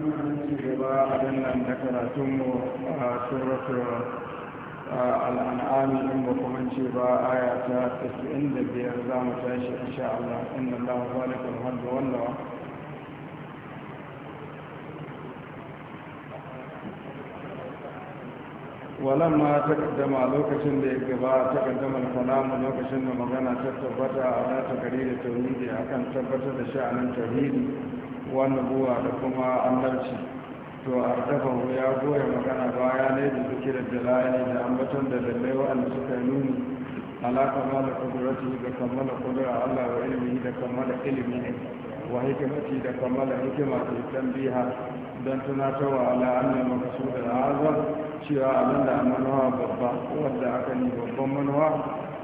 gaba abin nan da karatunmu a suratul al'an'ami in ba kuma ce ba aya ta 95 za mu tashi insha Allah inna Allah zalikul haddu wallawa ta تقدم lokacin da ya gaba ta al-kalamu lokacin da magana ta tabbata a wata gari da tauhidi akan tabbatar da sha'anin tauhidi wannan buwa da kuma annabci to a ardafahu ya goya magana baya ne da zikirar dalaili da ambaton da dalilai waɗanda suka yi nuni alaka ma da kudurati da kammala kudura allah wa ilimi da kammala ilimi ne wa hikimati da kammala hikima da tambiha don tunatarwa ala annan makasu da azab cewa abin da manowa babba wadda aka yi babban manowa.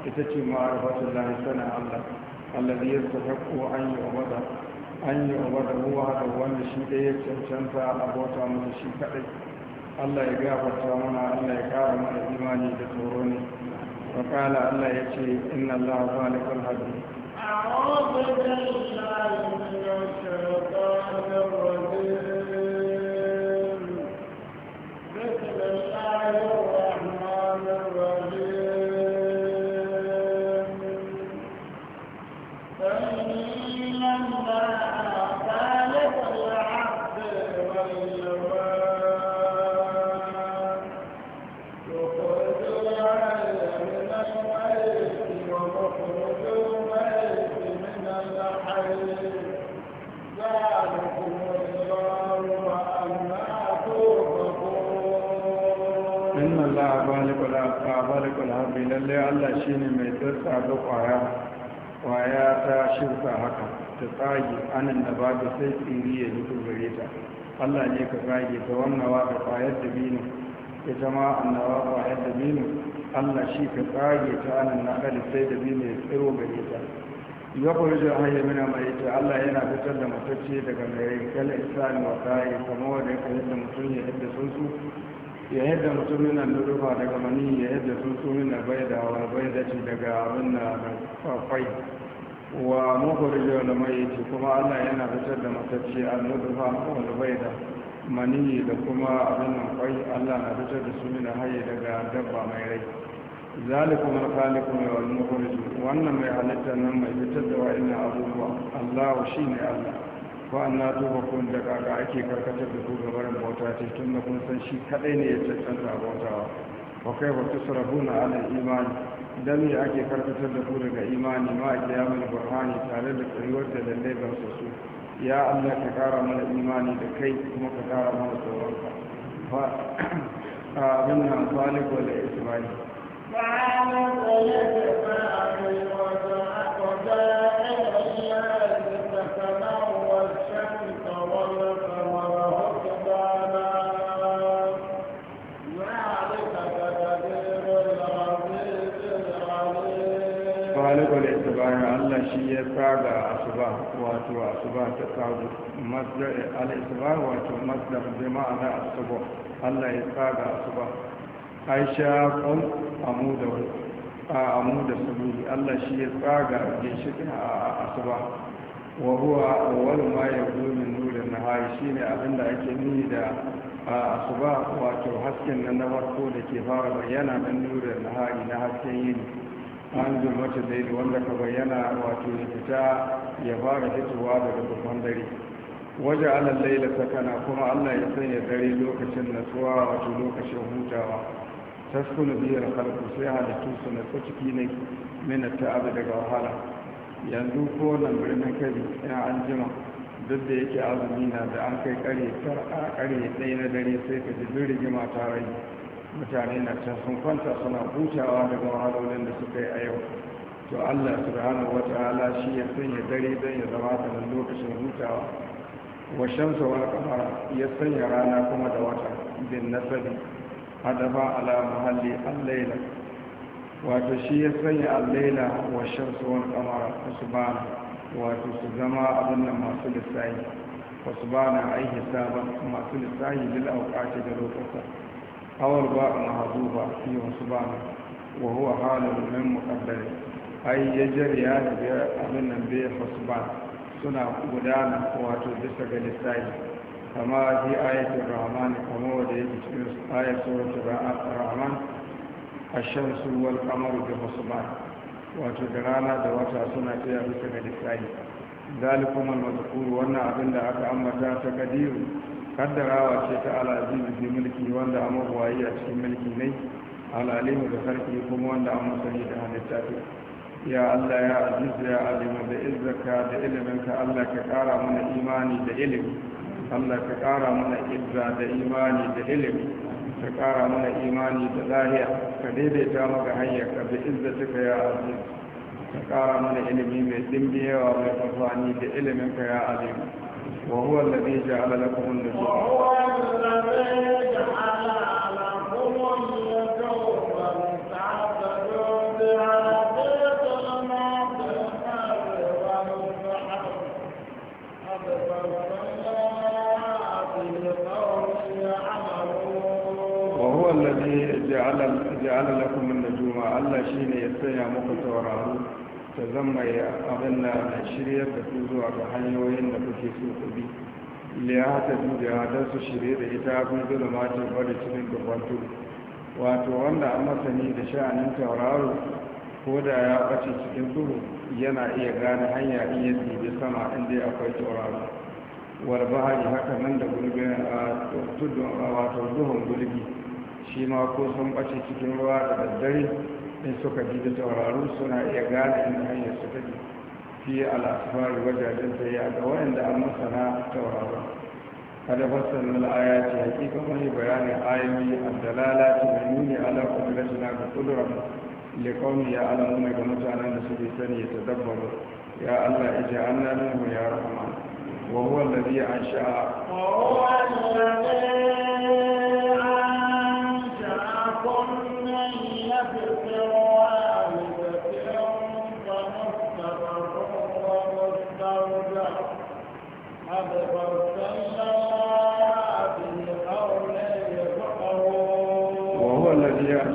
ita ce ma'arifatun lahi sana allah allazi ya ta ko an yi wa an yi wa da ruwa da wanda shi ɗaya cancanta a bauta masa shi kaɗai allah ya gafarta mana allah ya ƙara mana imani da tsoro ne وقال الله يجي إن الله خالق الهدي أعوذ بالله من ta kwaya ta shirka haka ta anan da babu sai tsiri ya fito gare ta allah ne ka ta kwayar da binu annawa kwayar da binu allah shi ka tsage ta anan na sai da binu ya tsiro gare ta ya kurje hanyar mina mai ta allah yana fitar da matacce daga mai kala isani wa kamar wanda ya da mutum ya yadda sun su ya yadda mutum yana nurufa daga mani ya yadda tsuntsu yana bai da bai da ci daga abin na kwai wa mukhrijul wal mayyit kuma Allah yana fitar da matacce a nurufa wal bai da mani da kuma abin nan kwai Allah na fitar da su mina haye daga dabba mai rai zalikum al-khaliqu wal mukhrij wannan mai halitta nan mai fitar da wa'annan abubuwa Allah shine Allah fa'an na tuba kun da kaga ake karkatar da ku gabarin bauta ce tun da kun san shi kadai ne ya cancanta bautawa ba kai ba ta sarabu na ala imani dan ne ake karkatar da ku daga imani ma a kiyamun burhani tare da tsayuwar da lalle ban su ya allah ka kara mana imani da kai kuma ka kara mana ba a abin nan falik wal ismail fa'ala salatu fa'ala wa ta'ala taga asuba wato asuba ta tagu masdar al-isba wato masdar jama'a na asuba Allah ya taga asuba Aisha qul amuda a amuda sabuli Allah shi ya tsaga ginshikin a asuba wa huwa awwal ma yabdu min nurin shine abinda ake nuni da a asuba wato hasken nan na farko da ke fara bayyana dan nurin nahari na hasken yini an mace da wanda ka bayyana wato ya fita ya fara fitowa daga babban dare waje alal laila sakana kuma allah ya sanya dare lokacin natsuwa wato lokacin hutawa taskuna biyar halku sai halittu suna natsu ciki ne mina daga wahala yanzu ko nan birnin kari ya an jima duk da yake azumi na da an kai kare a kare ɗaya na dare sai ka ji rigima ta rai mutane na can sun kwanta suna hutawa daga wahalolin da suka yi a yau to allah subhanahu wa ta'ala shi ya sanya dare don ya zama kamar lokacin hutawa wa shamsa wal qamara ya sanya rana kuma da wata bin nasabi hadafa ala muhalli al-layla wato shi ya sanya al-layla wa shamsa wal qamara subhana wato su zama abin nan masu lissahi wa subhana ai hisaban masu lissahi lil awqati da lokutan kawar ba a mahadu ba fi wasu ba ne wa huwa halin min mukaddari ai ya jariya da biyar abin nan ba suna gudana wato bisa ga lissani kama shi ayatul rahman kama wanda yake cikin ayatul rahman ashan su wal kamaru bi wasu ba wato da da wata suna iya bisa ga lissani zalikuma mazkuru wannan abin da aka ambata ta kadiru kaddarawa ce ta al'azizu fi mulki wanda an mabuwayi a cikin mulki ne al'alimu da sarki kuma wanda an masani da halitta ce ya allah ya azizu ya alimu da izzaka da iliminka allah ka kara mana imani da ilimi allah ka kara mana izza da imani da ilimi ka kara mana imani da lahiya ka daidaita maka hanyar ka da izzatika ya azizu ka kara mana ilimi mai dimbiyewa mai amfani da iliminka ya alimu وهو الذي جعل لكم النجوم وهو الذي جعل لكم النجوم وهو الذي جعل جعل لكم النجوم على شيء يسيا مكتورا ta zama ya abin da shirya da su zuwa ga hanyoyin da kuke so ku bi liyata dubiya don su shirya da ita abin zuwa mace bada cikin gabatu wato wanda a masani da sha'anin tauraro ko da ya ɓace cikin duhu yana iya gane hanya in ya dibi sama inda akwai tauraro warbahari haka nan da gulbin a tudun wato duhun gulbi shi ma ko sun ɓace cikin ruwa da daddare in suka ji da tauraro suna iya gane inda hanyar su take fi al'asfari wajajen ta ya ga wayanda an masana tauraro. kada fassara al'aya ce hakika wani bayanin ayoyi addalala ta mai nuni ala kudratina ga kudurar likauni ya alamuna ga mutanen da suke sani ya tadabbaru ya allah ija annanin mu ya rahama wa huwa alladhi an sha'a.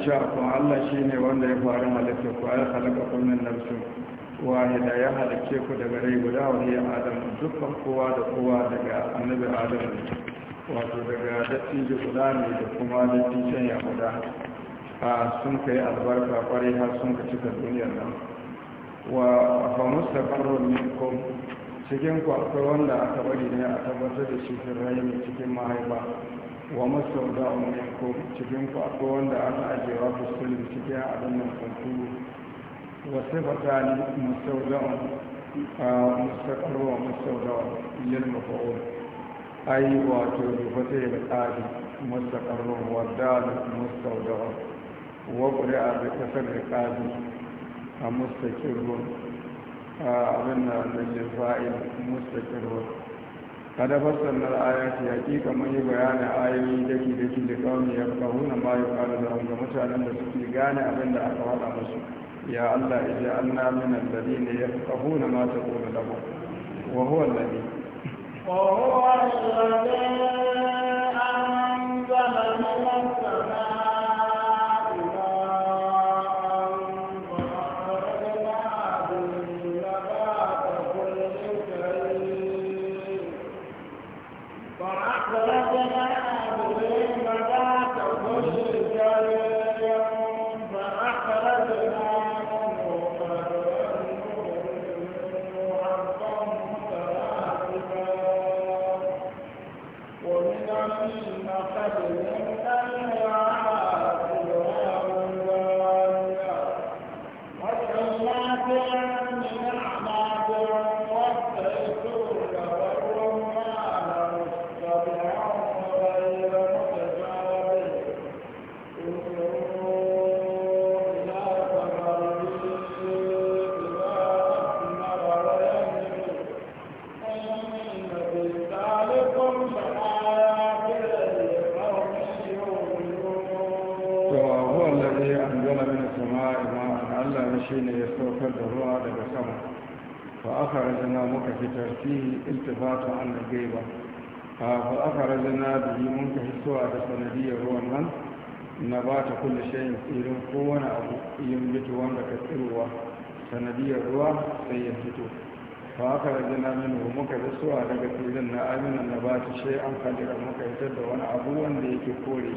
sha kuma Allah shi ne wanda ya faru halitta ku ya halaka kullum nafsu wahida ya halicce ku daga rai guda wani ya adam dukkan kowa da kowa daga annabi adam wato daga dattijo guda ne da kuma dattijan ya guda a sun kai albarka kwarai har sun ka cika duniyar nan wa fa mustaqarrun minkum cikin ku akwai wanda aka bari ne a tabbatar da shi cikin rayu cikin mahaifa wa masu da ko cikin ku wanda aka ajewa fuskuli cikin abin nan kwanturu wasu ni masu da mustaƙarwa masu da yin mafa'ul ai wato rufata ya tsari mustaƙarwa wadda da masu da wa a da ƙasar da ƙazi a mustaƙirwa abin nan da jirfa'in mustaƙirwa kada fassalar ayati hakika kamar yi bayanin ayoyi daki daki da kawai ya kawo na ma ya da wanda mutanen da suke gane abin da aka faɗa musu ya Allah ija minan min ya fi ma na mata wa huwa alladhi wa huwa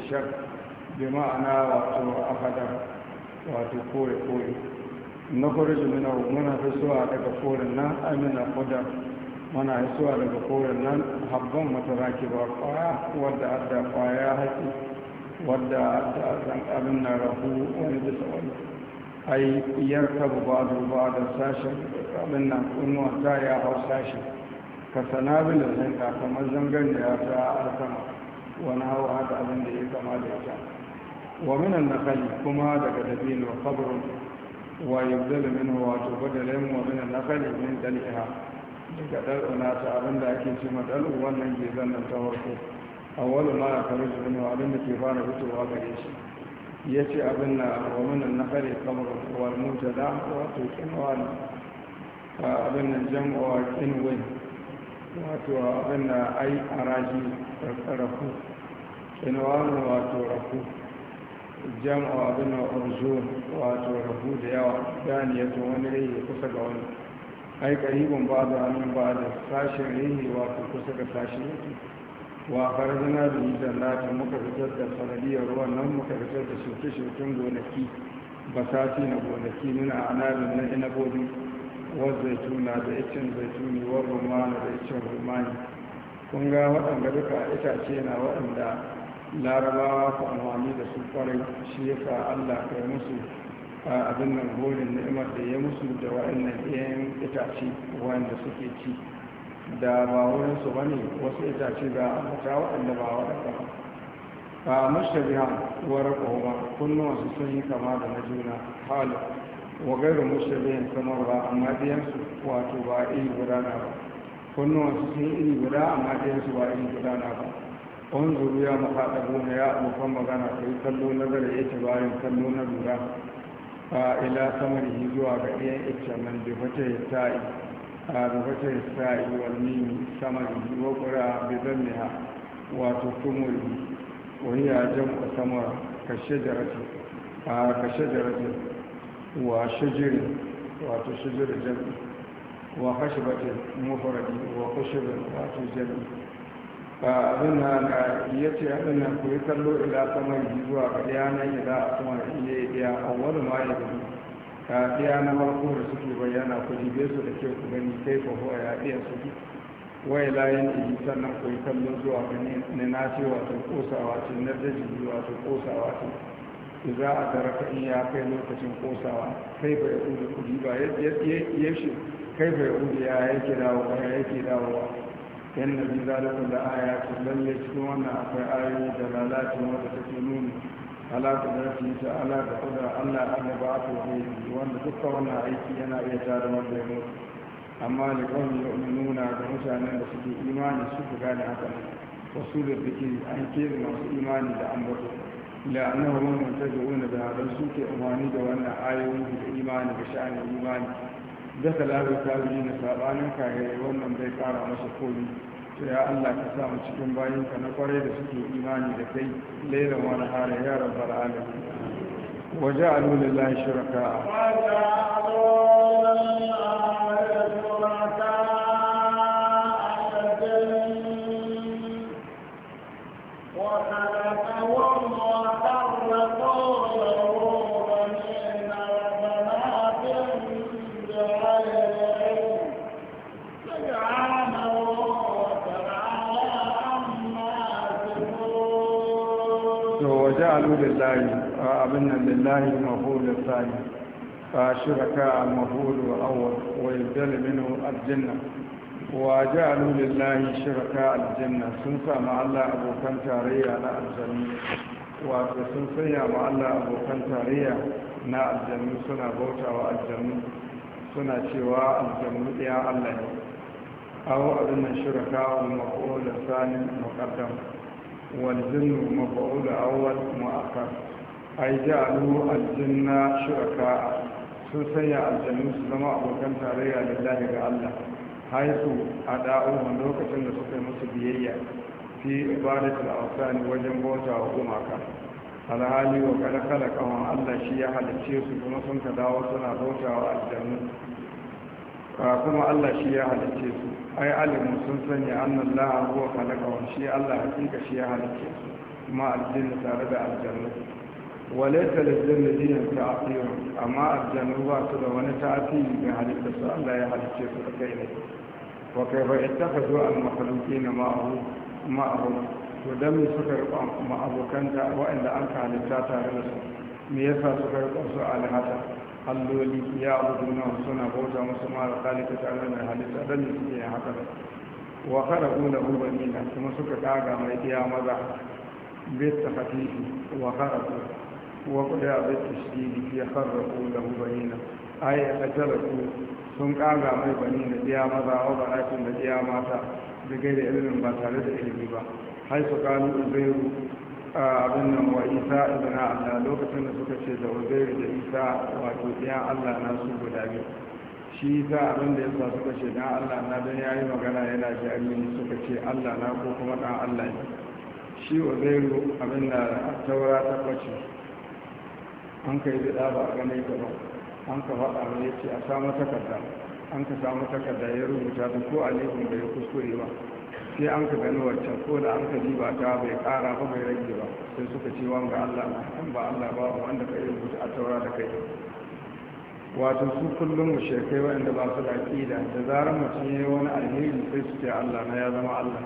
shar bi ma'ana wato afadar wato kore kore na kwarji muna muna fisuwa daga koren nan amina kudar mana fisuwa daga koren nan habban mataraki ba kwaya wadda adda kwaya haƙi wadda adda zan abin na rahu wani bisa wani ai yarka ba da ba da sashen abin nan kunnuwa ta ya hau sashen ka sanabilin ka kamar zangan da ya ta sama wani hawa haka abin da ya kama da ita wa minan na nakali kuma daga dabino kabrun wa yabdalu minhu wato badalin wa minan na nakali min dal'iha daga dal'una ta abin da ake ce dal'u wannan ke zannan ta farko awwalu ma ya faru da minhu abin da ke fara fitowa gare shi ya ce abin na wa minan na kare nakali kabrun wal da wato kinwa abin nan jam'a wa kinwin wato abin da ai araji rafu kinwanu wato rafu jama'a abin da orzo wato rafu da yawa yato wani rai kusa ga wani ai karibin ba da hannun ba da sashen rai wato kusa ga sashen yake wa farzana da yi zallatin muka fitar da sanadiyar ruwan nan muka fitar da shirke-shirken gonaki basati na gonaki nuna anabin na inabobi wazaituna da icin zaituni ma na da icin rumani kun ga waɗanda duka itace na waɗanda larabawa ku amfani da su kwarai shi yasa allah kai musu abin nan burin ni'imar da ya musu da waɗannan iyayen itace waɗanda suke ci da ba wurinsu ba ne wasu itace ga ambata waɗanda ba waɗanda ba a mashabiha wa raƙo ba kunnuwansu sun yi kama da na juna halin wa gairu mushabihin kamar ba amma diyansu wato ba iri gudana ba kunnuwansu sun iri guda amma diyansu ba iri gudana ba wanzuru ya mafaɗa gona ya abokan magana ka yi kallo na zara ya ce bayan kallo na lura a ila samarihi zuwa ga ɗiyan ita nan da fata ya sa'i a da fata ya sa'i wal nimi samarihi wa ƙura bi ha, wato tumuri wani ya jam'a samara kashe jaratu a kashe jaratu wa shajiri wato shajiri jami wa hashibatin mufaradi wa kushirin wato jami a abinna na ya ce abinna ku yi kallo ila saman zuwa ga yanar ila a kuma iya iya awwal ma ya gani ka iya na farko da suke bayyana ku jibe su da ke ku gani kai ko ho ya iya su wai layin iji sannan ku yi kallo zuwa gani na nace wato kosawa ce na daji wato kosawa ce za a daraka in ya kai lokacin kosawa kai ba ya kudu kudi ba ya shi kai ba ya ya yake dawo ba ya yake dawo yan na da zalikun da aya ta lalle cikin wannan akwai ayoyi da lalacin wanda ke nuni alaƙa da rafi ta alaƙa kuda allah an ba a yanzu. wanda dukkan wannan aiki yana iya tare wanda ya mutu amma da kawai ya nuna ga mutanen da suke imani su gane haka wasu da suke an kere masu imani da an bata la'annahum muntazi'un da hadan suke amfani da wannan ayoyin da imani da sha'anin imani da ta tabi'i na sabanin kare wannan bai kara masa komi to ya Allah ka sa mu cikin ka na kwarai da suke imani da kai lailan wani hare ya rabbal alamin وجعلوا لله شركاء وجعلوا لله abin nan lillahi mahulu sani fa shiraka mahulu awwal wa yadallu minhu aljanna wa ja'alu lillahi shiraka aljanna sun sama Allah abokan tarayya na aljanna wato sun sanya ma Allah abokan tarayya na aljannu suna bautawa aljannu suna cewa aljannu ɗaya Allah ne awo abin nan shirka wa maƙola sani muƙaddam wal jinnu maƙola awwal mu'akkar A yi ja'alu aljanna shuraka sun sanya aljannu su zama abokan tarayya lillahi ga Allah haisu ada'uhum lokacin da suka yi musu biyayya fi ibadatul awsani wajen bauta wa gumaka alhali wa kada khalaqahum Allah shi ya halicce su kuma sun ka dawo suna bauta wa aljannu kuma Allah shi ya halicce su ai alimu sun sanya annan la'a huwa khalaqahum shi Allah hakika shi ya halicce su kuma aljanna tare da aljannu Wale-tale, walaita da jirgin ta'asiru amma aljanu ba su da wani ta'asiri ga halitta su allah ya halice su da kai ne wa kai ba ita ka zo al-makhluki na ma'ahu to don me suka rikwa ma'abokanta waɗanda an ka halitta tare da su me ya sa suka rikwa su alhata alloli ya abu na suna bauta musu mara kalita tare da halitta don ne suke yin haka wa kada kula ubanina kuma suka kaga mai iya maza bai ta hatifi wa kada kula وقضى بالتشديد يفرقوا له بنينا أي فتركوا sun ƙaga mai bani da biya maza wa barakin da biya mata da gaida ilimin ba tare da ilimi ba har su kanu uzairu abin nan wa isa ibn allah lokacin da suka ce da uzairu da isa wato biyan allah na su guda biyu shi isa abin da yasa suka ce dan allah na don yi magana yana jami'in suka ce allah na ko kuma dan allah ne shi uzairu abin da taura ta kwace an ka yi bida ba a gane gaba an ka faɗa mai ya ce a samu takarda an ka samu takarda ya rubuta ta ko alifin da ya kuskure ba sai an ka gani wancan ko da an ka diba ta bai ƙara ba mai rage ba sai suka ce wanga allah na an ba allah ba wanda ka yi rubuta a taura da kai wato su kullum mushrikai inda ba su da ƙida da zarar mutum ya yi wani alheri sai su ce allah na ya zama allah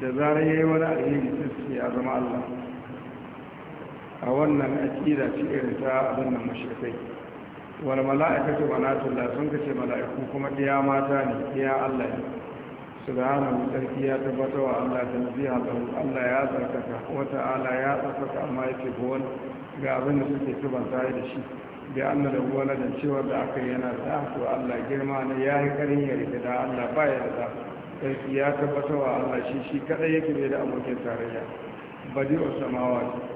da zarar ya yi wani alheri sai su ce ya zama allah a wannan akida ce irin ta abin nan mashirkai wal mala'ikatu banatullah sun kace mala'iku kuma iya mata ne iya Allah ne subhanahu sarki ya tabbata wa Allah tanziha lahu Allah ya tsarkaka wa ta'ala ya tsarkaka amma yake gowon ga abin da suke tuban tare da shi bi anna da wala da cewa da aka yi yana da to Allah girma ne ya yi karin ya rike da Allah ba ya da sarki ya tabbata wa Allah shi shi kadai yake bai da abokin tarayya badi'u samawati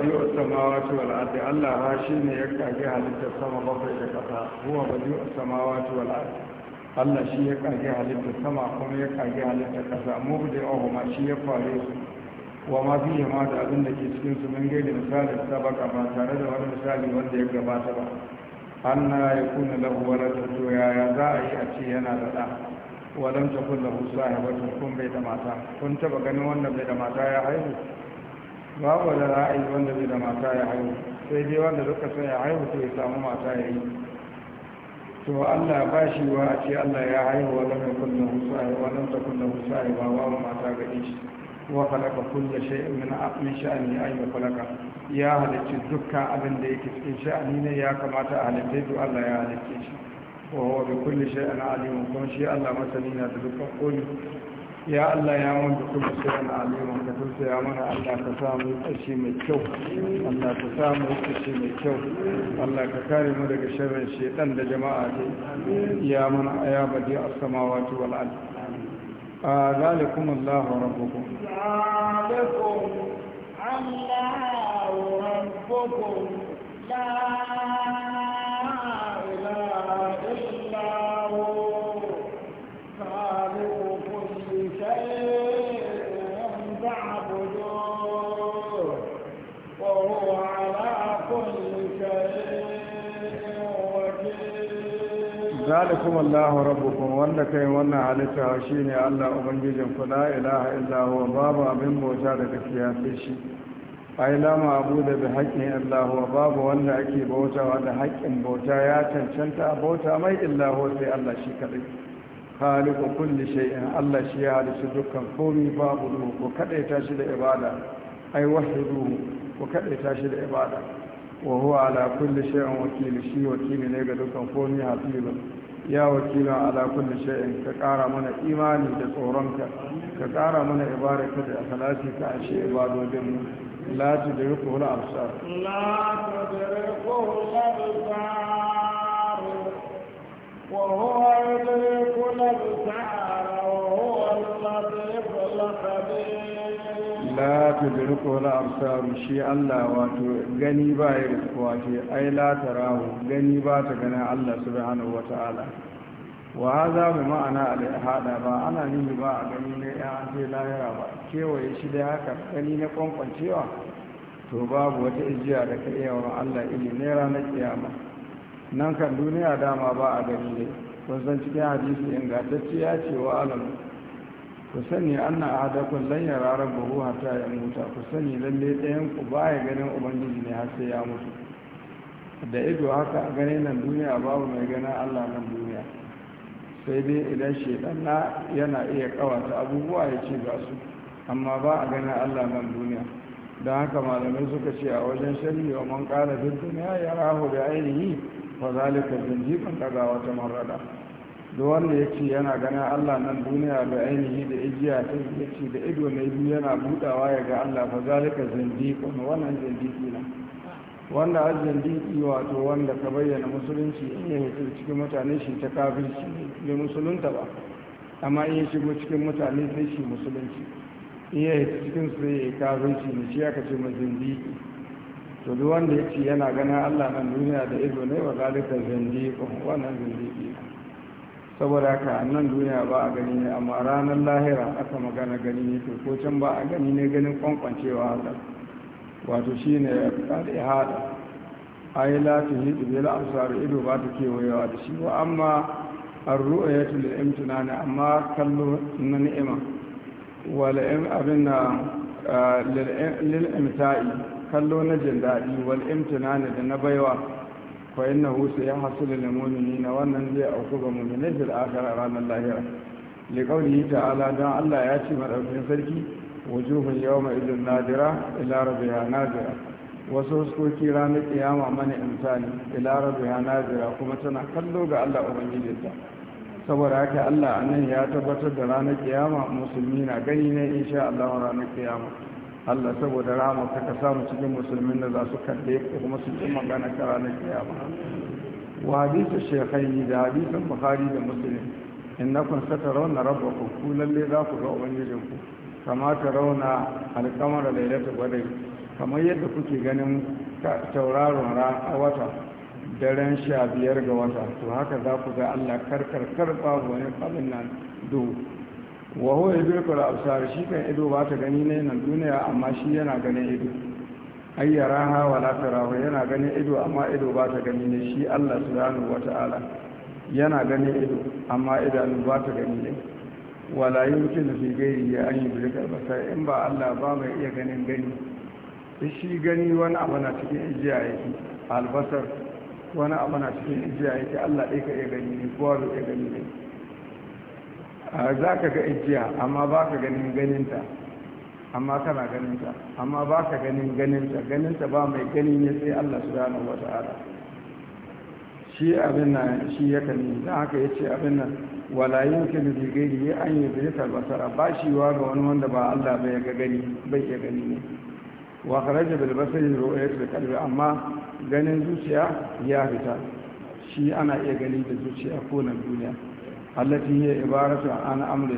badi'u samawati wal ardi Allah shi ne ya kage halittar sama bakwai da kasa huwa badi'u samawati wal ardi Allah shi ya kage halittar sama kuma ya kage halittar kasa mubdi'uhu ma shi ya fare su wa ma fihi ma da abin da ke cikin su mun gaida misali sabaka ba tare da wani misali wanda ya gabata ba anna yakuna lahu waladun to yaya za a yi a ce yana da da walam takun lahu sahibatun kun bai da mata kun taba ganin wanda bai da mata ya haihu babu da ra'ayi wanda zai da mata ya haihu sai dai wanda duka sai ya haihu to ya samu mata ya yi to allah ba shi wa a ce allah ya haihu wa lamar kullum husa'i wa lamta kullum husa'i ba wa mata ga shi wa khalaqa kulla shay'in min aqlin sha'ani ay wa falaka ya halicci dukkan abin da yake cikin sha'ani ne ya kamata a halitta to Allah ya halicce shi wa huwa bi kulli shay'in alim kuma shi Allah masani na da dukkan koyi يا الله يا من بكل شيء عليم وانت كل شيء امر الله تسامى شيء من كيو الله تسامى شيء من كيو الله ككاري من دغ شر الشيطان ده يا من يا بدي السماوات والارض ذلكم الله ربكم ذلكم الله ربكم لا اله الا هو zalikum Allahu rabbukum wanda kai wannan halitta shine Allah ubangijin ku la ilaha illa huwa babu abin bauta da gaskiya sai shi ai la ma'budu bi haqqin illa huwa babu wanda ake bautawa da haƙƙin bauta ya cancanta bauta mai illa huwa sai Allah shi kadai khaliqu kulli shay'in Allah shi ya halitta dukkan komai babu ku kadaita shi da ibada ai wahidu ku kadaita shi da ibada wa huwa ala kulli shay'in wakil shi wakili ne ga dukkan komai hafizun ya wakila ala kulli shay'in ka ƙara mana imani da tsoronka ka ƙara mana ibaraka da akhlasi ka ashe ibadodin mu la tudriku al absar la tudriku al absar wa huwa yudriku al absar la tudriku la absar shi Allah wato gani ba ya riskuwa ce ai la tarahu gani ba ta ganin Allah subhanahu wata'ala wa hadha bi ma'ana al hada ba ana nihi ba a gani ne ya ce lahira ba kewaye shi da haka gani na kwankwancewa to babu wata ijiya da ka iya wa Allah ili ne ranar kiyama nan kan duniya dama ba a gani ne kun san cikin hadisi ingantacce ya ce wa alamu ku sani anna ahadakum lan yara rabbahu hatta yamuta ku sani lalle ɗayan ku ya ganin ubangiji ne har sai ya mutu da ido haka a gane nan duniya babu mai ganin Allah nan duniya sai dai idan shedan na yana iya kawata abubuwa ya ce ga su amma ba a ganin Allah nan duniya don haka malamai suka ce a wajen shari'i wa man qala duniya ya raho da ainihi fa zalika zindiqan daga wata marrada da wanda ya ce yana ganin allah nan duniya da ainihi da ijiya ta ya ce da ido na biyu yana budawa ya ga allah fa zalika zindiqun wannan zindiqi na wanda a zindiqi wato wanda ka bayyana musulunci in ya hito cikin mutane shi ta kafirci ne musulunta ba amma in ya shigo cikin mutane sai shi musulunci in ya hito cikin su sai ya kafirci ne shi aka ce ma zindiqi to duk wanda ya ce yana ganin allah nan duniya da ido ne wa zalika zindiqun wannan zindiqi na saboda haka nan duniya ba a gani ne amma ranar lahira aka magana gani ne to ko can ba a gani ne ganin kwankwancewa haka wato shi ne ya kada ya haɗa ayi yi hidu bil absar ido ba ta kewayewa da shi wa amma ar lil amma kallo na ni'ima wal abin ah, lil imtai kallo na jin dadi wal da na baiwa fa innahu sayahsulu lil na wannan zai auku ga mu'minai fil akhirah ranar lahira li qawlihi ta'ala dan Allah ya ce madaukin sarki wujuhun yawma idhin nadira ila rabbiha nadira wasu huskoki ranar kiyama mana insani ila rabbiha nadira kuma tana kallo ga Allah ubangijinta saboda haka Allah anan ya tabbatar da ranar kiyama musulmi na gani ne insha Allah ranar kiyama Allah saboda Rama ka ka samu cikin musulmin da za su kalle ko kuma su ji magana ta ranar kiyama wa hadisa shaykhaini da hadisan bukhari da muslim innakum satarawna rabbakum ku lalle za ku ga ubangijinku kama ta rauna alkamar lailatul qadr kamar yadda kuke ganin tauraron a wata daren sha biyar ga wata to haka za ku ga Allah karkar karba wani abin nan duhu wa huwa yudrikul absar shi kan ido ba ta gani ne nan duniya amma shi yana ganin ido ha wa la wa yana ganin ido amma ido ba ta gani ne shi Allah subhanahu wata'ala yana ganin ido amma idanu ba ta gani ne wala yumkin fi gairi ya an da basa, in ba Allah ba mai iya ganin gani shi gani wani abu na cikin ijiya yake albasar wani abu na cikin ijiya yake Allah ɗaya ka iya gani ne ko bai iya gani ne za ka ga igiya amma ba ka ganin ganinta amma kana ganinta amma ba ka ganin ganinta ganinta ba mai gani ne sai allah su dana wata ala shi abin nan shi ya kani da haka ya ce abin nan walayin da zigiri ya an yi zirka basara ba shi wa ga wani wanda ba allah bai ga gani bai iya gani ne wa kharaja bil basari ru'yat qalbi amma ganin zuciya ya fita shi ana iya gani da zuciya ko nan duniya allafi ya ibaratu an amri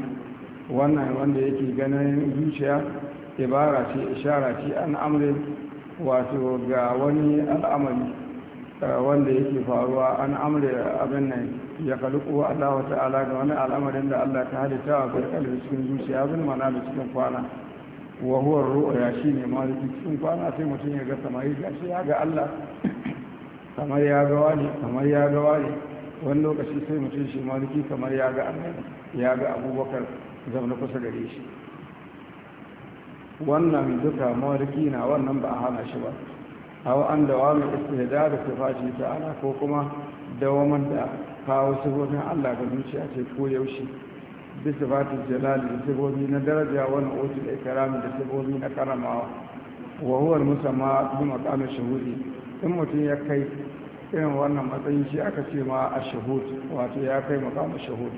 wannan wanda yake ganin zuciya ibara ce ishara ce an amri wato ga wani al'amari wanda yake faruwa an amri abin nan ya kaluku Allah ta'ala ga wani al'amarin da Allah ta ta wakar kalbi cikin zuciya zan mana da cikin kwana wahuwar huwa shi ne ma da cikin kwana sai mutum ya ga samari shi ya ga Allah kamar ya ga wani kamar ya ga wani wani lokaci sai mutum shi maliki kamar ya ga annabi ya ga abubakar zaune kusa gare shi wannan duka maliki na wannan ba a hana shi ba hawa an da wani istihda da ta ala ko kuma dawaman da kawo sifofin allah ga zuciya ce ko yaushe bisa fatin jalali da sifofi na daraja wani otu da ikarami da sifofi na karamawa wa huwar musamman bi makamin shahudi in mutum ya kai irin wannan matsayin shi aka ce ma a shahud wato ya kai makamu shahud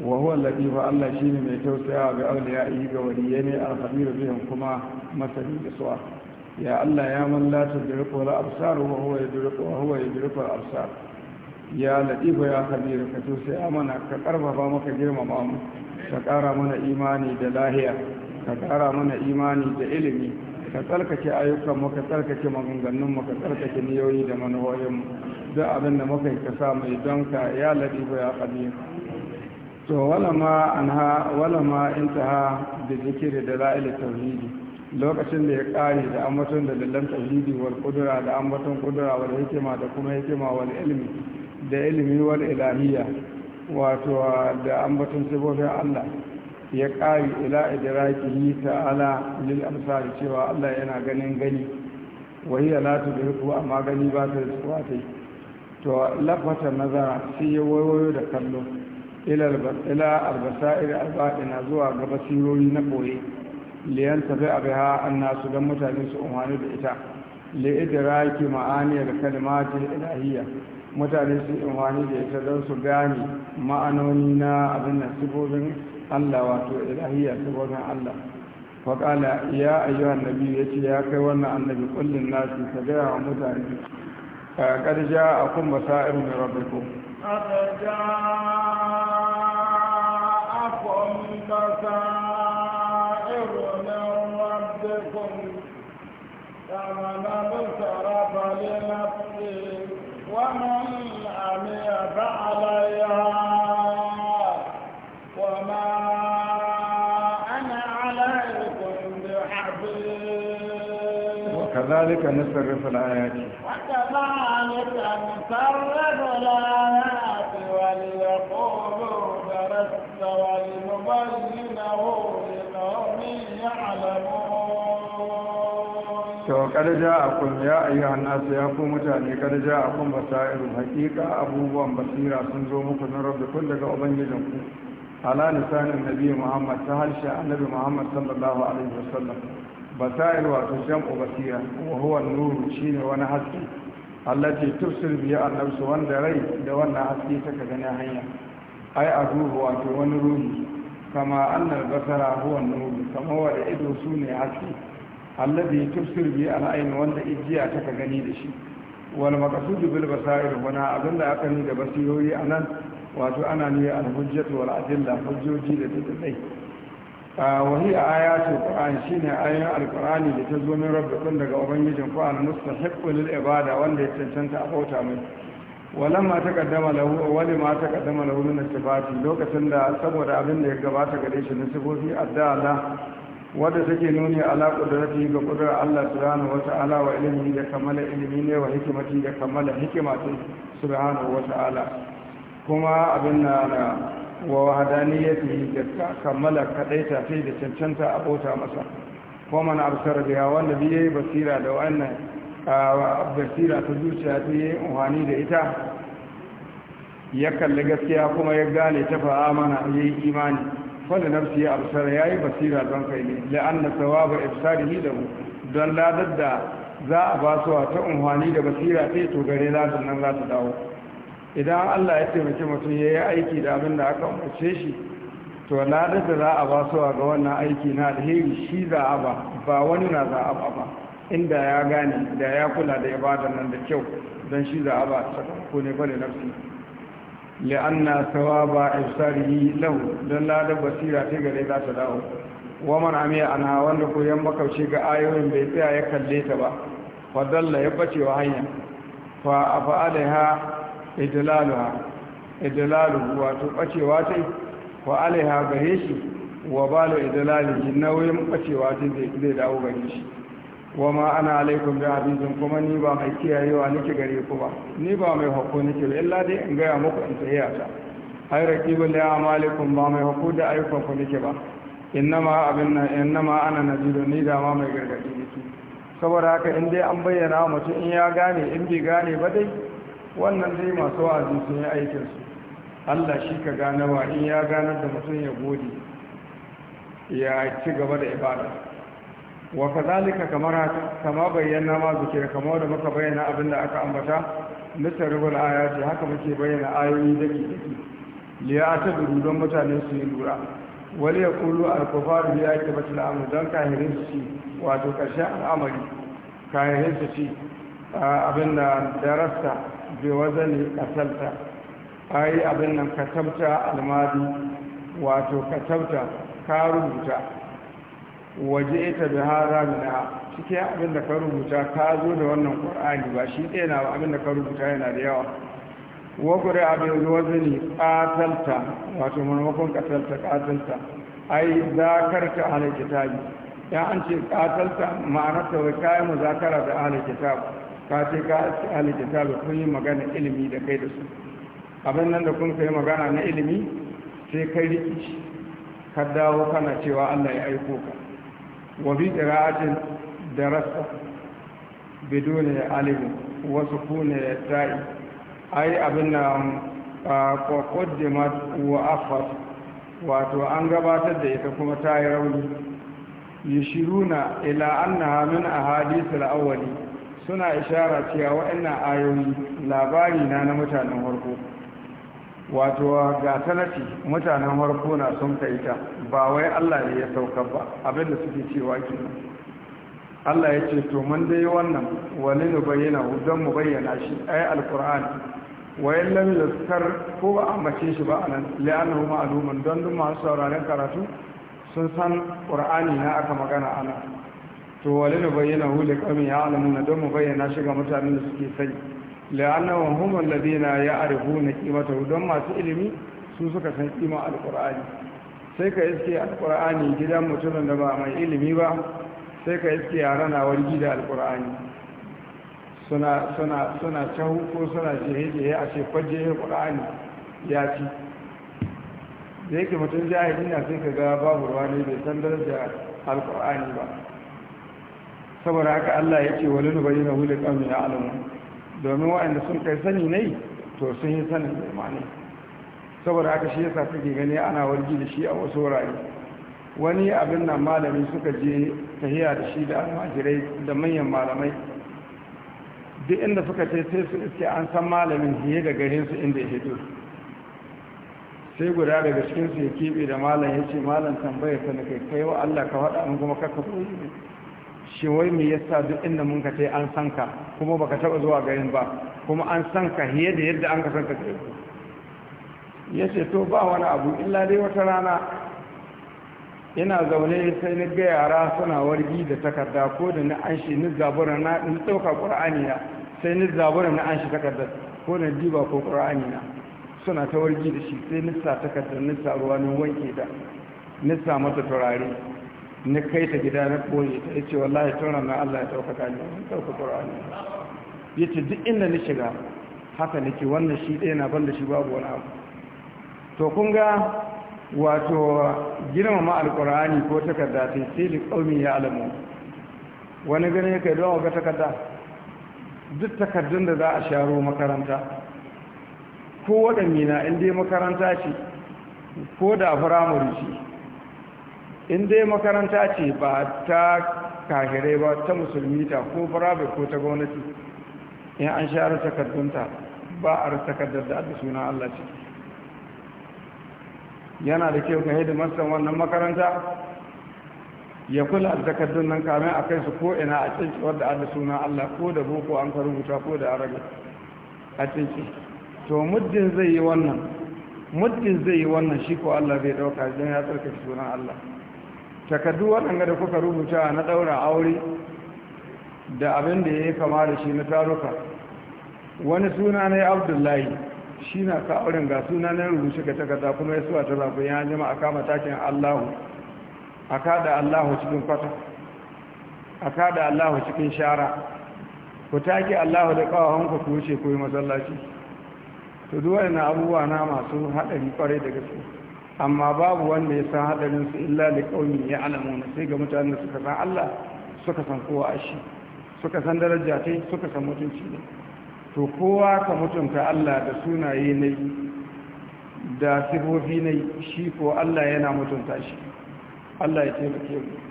wa huwa latifa Allah shine mai tausayawa ga auliya'i ga waliyai ne al bihim kuma masani da suwa ya Allah ya man la tudriku al-absar wa huwa yudriku wa huwa absar ya latifa ya khabir ka tausaya mana ka karfafa maka girmama mu ka kara mana imani da lahiya ka kara mana imani da ilimi ka tsarkake ayyukan mu ka tsarkake maganganun mu ka tsarkake niyoyi da manuwoyin mu duk abin da muka yi ka sa mai don ka ya ba ya kadi to wala ma anha wala ma intaha da zikiri da la'il tauhidi lokacin da ya kare da ambaton da lallan tauhidi wal qudra da ambaton qudra wal hikima da kuma hikima wal ilmi da ilmi wal ilahiyya wato da ambaton sifofin Allah ya ƙari ila idrakihi ta'ala lil amsari cewa Allah yana ganin gani wahiya la tudriku amma gani ba ta tsuwa ta to lafata nazara sai ya wayoyo da kallo ila Albasa albasa'ir na zuwa ga basirori na boye liyan tafi an nasu don mutane su umarni da ita li'idiraki ma'aniyar kalmatin ilahiyya mutane su umarni da ita don su gane ma'anoni na abin nasibobin? Allah wato ilahiyya ta wajen Allah faƙala ya ayyuhan nabi ya ce ya kai wannan annabi kullum nasi ka gaya wa mutane قد جاءكم بصائر من ربكم قد جاءكم بصائر من ربكم وكذلك نصرف الآيات حتى فعلت أن الآيات وليقولوا درست ولنبينه لقوم يعلمون سواء قد جاءكم يا أيها الناس يا قوم مجاني قد جاءكم بسائر الحقيقة أبوه وأنبسيرا سنزومك من كل لك أبنج جنكم على لسان النبي محمد سهل شاء النبي محمد صلى الله عليه وسلم basair wato jam'u basira wa huwa nuru shine wani haske allati tufsir biya annabsu wanda rai da wannan haske take gani hanya ai aruhu wato wani ruhi kama annal basara huwa nuru kama wa da ido sune haske allati tufsir biya al'ain wanda ijiya take gani da shi wal maqsudu bil basair wana abinda aka ni da basirori anan wato ana ne al hujjatu wal adilla hujjoji da dalilai wahi a ayatul qur'an shine ayoyin alqur'ani da ta zo min rabbikum daga ubangijin ku al mustahiqqul lil ibada wanda ya cancanta a bauta mai walamma taqaddama lahu wali ma taqaddama lahu min sifati lokacin da saboda abin da ya gabata gare shi na sifofi adda Allah wanda take nuni ala qudratihi ga qudrar Allah subhanahu wata'ala wa ilmihi da kamala ilmi ne wa hikimati da kamala hikimati subhanahu wata'ala kuma abin na wa wahadaniyatihi da kammala kadaita fi da cancanta a bauta masa ko man absar biya wanda bi basira da wannan basira ta zuciya ta yi uhani da ita ya kalli gaskiya kuma ya gane ta fa amana yayi imani fala nafsi ya absar yayi basira don kai ne la'anna thawaba ibsarihi lahu don ladar da za a basuwa ta unhwani da basira ta to gare nan za ta dawo idan allah ya taimaki mutum ya yi aiki da abin da aka umarce shi to na da za a ba su ga wannan aiki na alheri shi za a ba ba wani na za a ba inda ya gane da ya kula da ibada nan da kyau don shi za a ba ko ne bane nafsi li'anna sawaba ifsarihi lahu don ladar basira ta gare za ta dawo wa man amiya ana wanda ko yan makauci ga ayoyin bai tsaya ya kalle ta ba fadalla ya bace wa hanya fa alaiha idlaluha idlaluhu wato bacewa ta wa alaiha gare shi wa balu idlalihi nauyin bacewa ta zai dawo gare shi wa ma ana alaikum bi azizin kuma ni ba mai kiyayewa nake gare ku ba ni ba mai hakko nake ba illa dai in gaya muku in tsayiya ta ai raqibul li amalikum ba mai hakko da ayyukan ku nake ba innama abinna nan innama ana nadiru ni da ma mai gargadi nake saboda haka in dai an bayyana mutum in ya gane in bai gane ba dai wannan dai masu wa'azi sun yi aikinsu allah shi ka gane wa in ya ganar da mutum ya gode ya ci gaba da ibada wa kazalika kamar kama bayyana ma zikira kamar da muka bayyana abin da aka ambata nisa rubul ayati haka muke bayyana ayoyi da dake liya ta duru don mutane su yi lura wal yaqulu al kufaru bi akibatil amr dan kahirin su wato karshen al'amari kahirin su abin da darasta bi wazani katalta ai abin nan katabta almadi wato katabta ka rubuta waje ita bi hara mina cikin abin da ka rubuta ka zo da wannan qur'ani ba shi ɗaya na abin da ka rubuta yana da yawa wa kure abin wazani kasarta wato kasarta, katalta katalta ai zakarta alal kitabi ya an ce kasarta ma'anarta wai kayan zakara da alal ka ce ka ce ahli kitab kun yi magana ilimi da kai da su abin nan da kun kai magana na ilimi sai kai rikici ka dawo kana cewa Allah ya aiko ka wa bi qira'atin darasa bidun alim wa sukun ta'i ai abin nan ko qaddimat wa afat wato an gabatar da ita kuma ta yi rauni yashiruna ila annaha min ahadith al awwalin suna ishara cewa waɗannan ayoyi labari na na mutanen harko wato ga sanati mutanen harko na sun kai ta ba wai Allah ne ya sauka ba abinda suke cewa kenan Allah ya ce to mun dai wannan wani mu bayyana don mu bayyana shi ai alkur'ani wayan lam yuzkar ko ba bace shi ba anan li'annahu ma'lumun don duk masu sauraron karatu sun san qur'ani na aka magana anan to wale na bayyana hule kamin ya alamu na don mu bayyana shi ga mutanen da suke sani wa hum alladhina ya'rifuna hu, don masu ilimi su suka san kima alqur'ani sai ka iske alqur'ani gidan mutumin da ba mai ilimi ba sai ka iske yaran a wargi da alqur'ani suna suna suna tahu ko suna jehe a ce kwaje alqur'ani ya ci da yake mutum jahili na sai ka ga babu ruwa ne bai san darajar alqur'ani ba saboda haka Allah ya ce wani na hule ƙaunin ya alamu domin waɗanda sun kai sani ne to sun yi sanin imani saboda haka shi yasa suke gani ana wargi da shi a wasu wurare wani abin nan malami suka je tahiya da shi da almajirai da manyan malamai duk inda suka ce sai su iske an san malamin fiye da garin su inda ya hito sai guda daga cikin su ya kebe da malam ya ce malam tambayarsa ta na kai kai wa Allah ka faɗa mun kuma kakka koyi ne shi wai me yasa duk inda mun ka an san ka kuma baka taba zuwa garin ba kuma an san ka hiye da yadda an ka san ka kai ya ce to ba wani abu illa dai wata rana ina zaune sai na ga yara suna wargi da takarda ko da na an shi ni zabura na ni ɗauka ƙur'ani na sai ni zabura na an shi takardar ko na diba ko ƙur'ani na suna ta wargi da shi sai sa takardar sa ruwa ni wanke da sa mata turare na kai ta gida na koyi ta yace wallahi tun ranar Allah ya ɗaukaka ni in ɗauka Qur'ani yace duk inda ni shiga haka nake wannan shi ɗaya na banda shi babu wani abu to kun ga wato girmama Alƙur'ani ko takarda ta sai da ƙaumin ya alamu wani gane kai don ga takarda duk takardun da za a sharo makaranta ko waɗanne na inda makaranta ce ko da firamare ce in dai makaranta ce ba ta kahirai ba ta musulmi ta ko farabe ko ta gwamnati in an share takardunta ba a takardar da abu suna Allah ce yana da kyau haidu hidimar wannan makaranta ya kula da takardun nan kame a kai su ko ina a cinci wadda an da suna Allah ko da boko an rubuta ko da arabi a cinci to muddin zai yi wannan muddin zai yi wannan shi ko Allah zai dauka don ya tsarkake sunan Allah takardu waɗanda da kuka rubuta na ɗaura aure da abin da ya yi kama da shi na taruka wani suna na abdullahi shi na ka ga suna na rubuce ga takarda kuma ya suwa ta zafi ya jima a kama takin allahu a kada allahu cikin kwata a kada allahu cikin shara ku take allahu da ƙawahon ku wuce ku yi masallaci su duwa na abubuwa na masu haɗari kwarai da gaske amma babu wanda ya san hadarin su illa li ya alamuna, sai ga da suka san Allah suka san kowa ashi suka san daraja ta suka san mutunci ne to kowa ka mutunta Allah da sunaye ne da sifofi ne shi ko Allah yana mutunta shi Allah ya taimake mu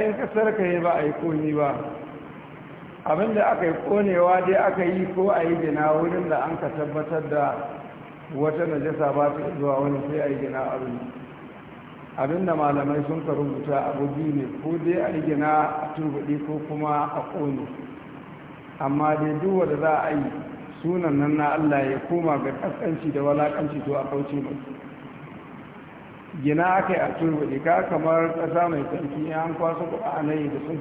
yin kasar ka yi ba a yi koni ba abinda aka yi konewa dai aka yi ko a yi gina wurin da an ka tabbatar da wata najasa ba ta zuwa wani sai a yi gina abin abinda malamai sun ka rubuta abu biyu ne ko dai a yi gina a turbuɗi ko kuma a kone amma dai duk wanda za a yi sunan nan na allah ya koma ga ƙasƙanci da walakanci to a kauce mai gina aka yi a turbuɗe ka kamar ƙasa mai tsarki an kwaso ƙwa'anai da sun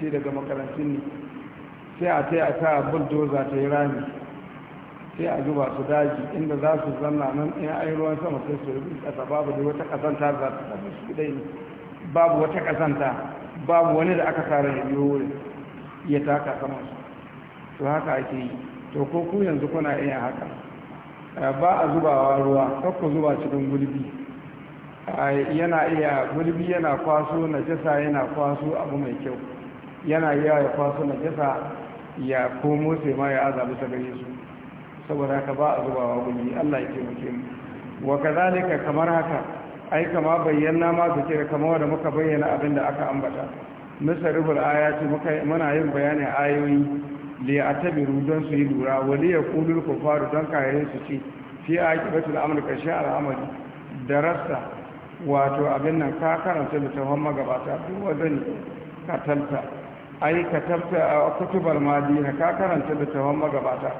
fi daga makarantun ne sai a taya ta bulldozer ta yi rami sai a zuba su daji inda za su zanna nan in ai ruwan sama sai su rubi ƙasa babu da wata ƙazanta za ta tafi su dai babu wata ƙazanta babu wani da aka tsara ya biyo wurin ya taka sama su to haka ake yi to ko ku yanzu kuna iya haka ba a zubawa ruwa kakku zuba cikin gulbi yana iya mulbi yana kwaso najasa yana kwaso abu mai kyau yana iya ya kwaso najasa ya komo sai ma ya azabi ta gare su saboda haka ba a zubawa gulbi Allah ya taimake wa kazalika kamar haka ai kama bayyana ma su kira kamar wanda muka bayyana abin da aka ambata misarifar ayati muna yin bayani ayoyi da ya atabiru don su yi lura wani ya kulur kufaru don kayan su ce fi a kibatul amurka shi al'amari da rasta wato abin nan ka karanta da littafin magabata duk wajen katalta ai katalta a kutubar madina ka karanta da littafin magabata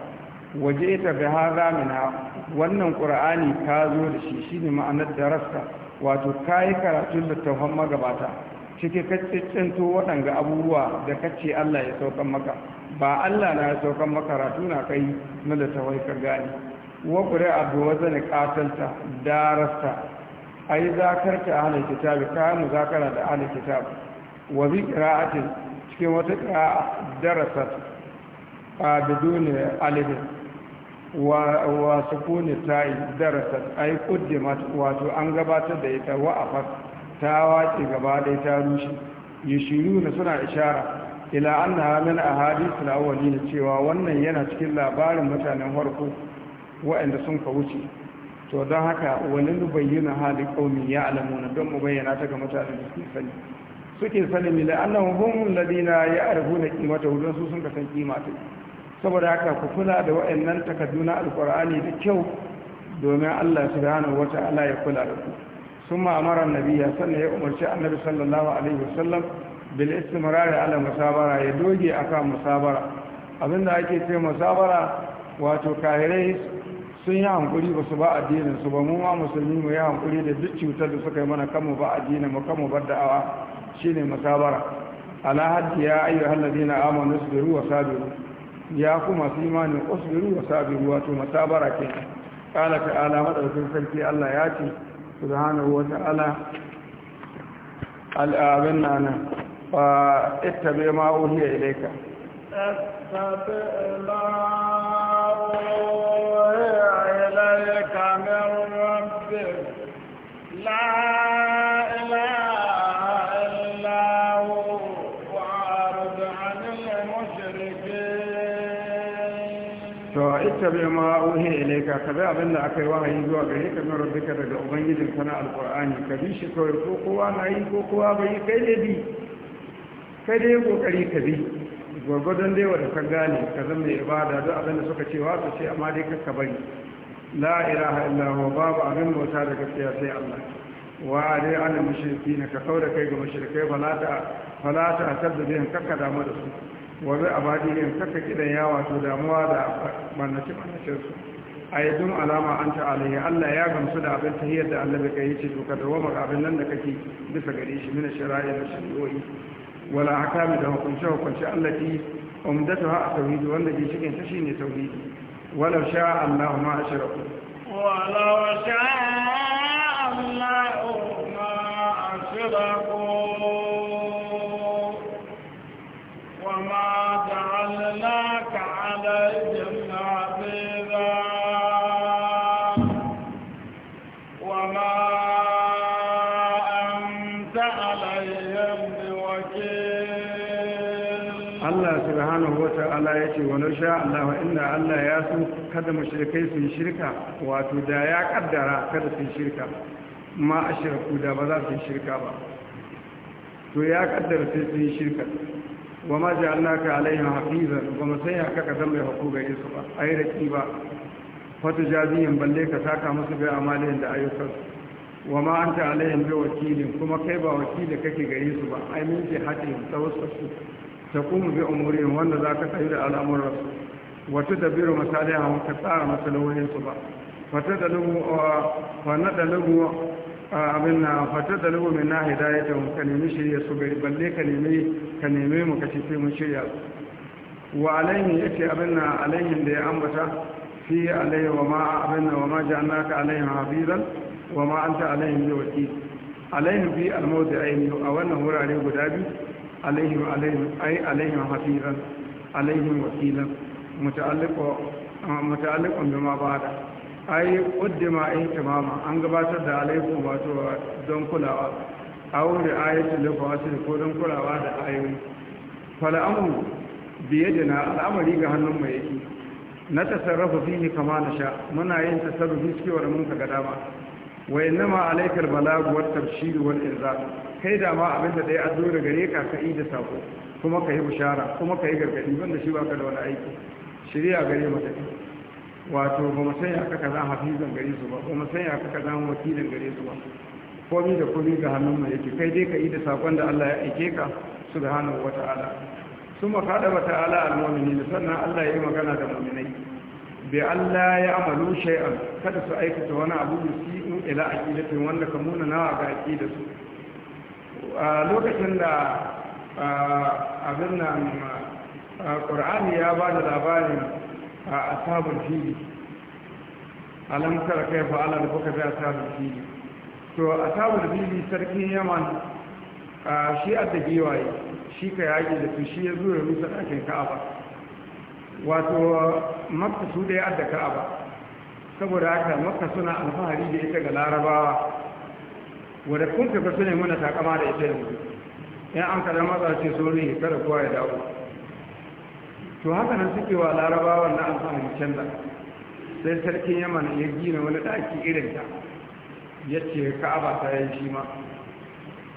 waje ta bi har mina wannan qur'ani ka zo da shi shine ma'anar darasta wato kai karatun littafin magabata cike kaccinto waɗanga abubuwa da kace Allah ya saukan maka ba Allah na ya saukan maka karatu na kai na littafai ka gani wa qur'a abu wazan darasta ai zakarta ahlul kitabi ka zakara da ahlul kitab wa bi qira'atin cikin wata qira'a a bidun alif wa wa sukuni ta'i darasat ai quddimat wato an gabatar da ita wa ta wace gaba da ta rushe na suna ishara ila annaha min ahadith na cewa wannan yana cikin labarin mutanen farko waɗanda sun ka wuce to don haka wani bayyana hali kaumi ya na don mu bayyana ta ga mutane da suke sani suke sani mila annan hun ladina ya arhu na kimata hudun su sun kasan kimata saboda haka ku kula da wa'annan takardu na alkur'ani da kyau domin allah subhanahu wata ala ya kula da ku sun ma'amara nabiya sannan ya umarci annabi sallallahu alaihi wasallam bil istimrar ala musabara ya doge akan musabara abinda ake ce musabara wato kahirai sun yi hankuri ba su ba addinin su ba mu ma musulmi mu yi hankuri da duk cutar da suka yi mana kanmu ba addinin mu kanmu bar da'awa shine musabara ala haddi ya ayu alladhina amanu sabiru wa sabiru ya ku masu imani usbiru wa sabiru to musabara ke qala ala madaukin sarki Allah ya ce subhanahu wa ta'ala al'abin nana fa ittabi ma uhiya ilayka tattabe ma wuhe ilaika ka bi abin da aka yi wahayi zuwa gare ka min rabbika daga ubangijin kana alqur'ani ka bi shi kawai ko kowa na yi ko kowa bai kai ne bi kai dai kokari ka bi gwargwadon dai wanda ka gane ka zama mai ibada duk abinda da suka cewa su ce amma dai kakka bari la ilaha illahu babu abin bauta da gaskiya sai Allah wa dai ana mushriki na ka kaura kai ga mushrikai falata falata tadda bihin kakka damu da su wa bi abadihin kakka kidan ya wato damuwa da mannaci mannacin su ayyadun alama an ta'alaye Allah ya gamsu da abin tahiyar da Allah bai kai ce to ka dawo abin nan da kake bisa gare shi mina shari'a da shari'o'i ولا أحكام ده وقلشة وقلشة التي أمدتها التوهيد والذي شكين تشين التوهيد ولو شاء الله ما أشرقه ولو شاء الله ما أشرقه sha Allah inda Allah ya so kada mushrikai sun shirka wato da ya kaddara kada sun shirka ma ashraku da ba za su shirka ba to ya kaddara sai sun shirka wa ma ka alaihi hafizan wa ma sai haka ka zama hako ga su ba ai da ki ba fatu jaziyan balle ka saka musu bai amalin da ayyukan wa ma anta alaihim bi wakilin kuma kai ba wakili kake gare su ba ai mun ji hatin tawassul تقوم بأمورهم وأن ذاك تهيد على أمر الرسول وتدبر مسالحهم كثار مسلوهي صبا فتدلو آه، فتدلو منا هدايتهم كنمي شريع صبري بل لي كنمي كنمي مكتفي من شريع وعليه يتي أبنا عليهم دي أمبتا في عليه وما أبنا وما جعلناك عليهم عبيدا وما أنت عليهم دي وكيد عليهم بي الموضعين أولا هو عليه قدابي alaihim alaihim ay alaihim hafizan alaihim wakilan muta'alliqun bima ba'da ay in ihtimama an gabatar da alaikum wato don kulawa aw da ayatul lafasil ko don kulawa da ayoyi fala da na al'amari ga hannun mai yake na tasarrafa fihi kama na sha muna yin tasarrufi cikin mun ka ga dama wa innama alaikal balagu wat tabshir wal inzar kai da ma abin da dai a zo da gare ka ka yi da sako kuma ka yi bishara kuma ka yi gargadi wanda shi baka da wani aiki shirya gare mu take wato ba mu sanya ka kaza hafizan gare su ba ba mu sanya ka kaza wakilin gare su ba Komi da komi ga hannun mu yake kai dai ka yi da sakon da Allah ya aike ka subhanahu wata'ala kada ba ta'ala al-mu'minin sannan Allah ya yi magana da mu'minai bi Allah ya amalu shay'an kada su aikata wani abu da su ila aqidatin wanda kamuna muna nawa ga aqidarsu lokacin da abin nan ƙur'ani ya ba da labarin a asabar fili alamtar kai fa'ala da kuka bi asabar fili to asabar fili sarkin yaman shi a da giwaye shi ka yaƙi da su shi ya zo ya rusa ɗakin ka'aba wato makka su ya adda ka'aba saboda haka makka suna alfahari da ita ga larabawa wadda kun tafi su ne muna takama da ita yanzu in an kada matsa ce sori rihi kada kuwa ya dawo to haka nan suke wa larabawan na an samu canza sai sarkin yaman ya gina wani daki irin ta ya ce ka'aba ta yi shi ma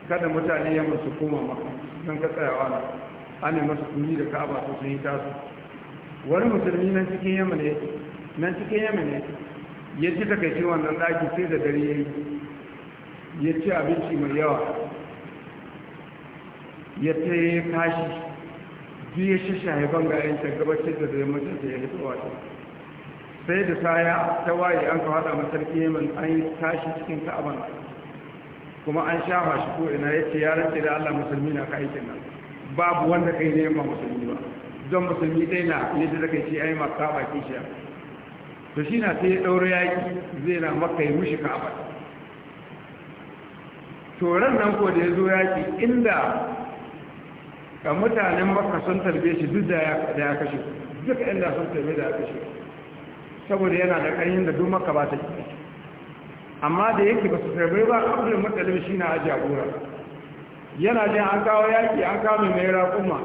kada mutane ya su koma maka don ka tsayawa na an yi masu kuni da ka'aba su sun yi tasu wani musulmi nan cikin yamma ya nan cikin yaman ya ya ji takaici wannan daki sai da dare ya yi ya ci abinci mai yawa ya ta yi kashi ya shi shahiban ga yanta gabacin da zai mutum da ya yi tsawata sai da saya ta waye an kawada da masarki yamin an yi tashi cikin ka'aban kuma an sha shi ko ina ya ce ya rance da allah musulmi na ka aikin nan babu wanda kai ne ma musulmi ba don musulmi dai na ne da kai ce ai masu kaba kishiya to shi na sai ya ɗaure yaƙi zai na maka yi mushi ka'aban toron nan ko da ya zo yaƙi inda ga mutanen makka sun tarbe shi duk da ya kashe duk inda sun tarbe da ya kashe saboda yana da ƙarfin da duk makka ba ta yi amma da yake ba su tarbe ba abdul muttalib shi na jagora yana jin an kawo yaƙi an kawo mai raƙuma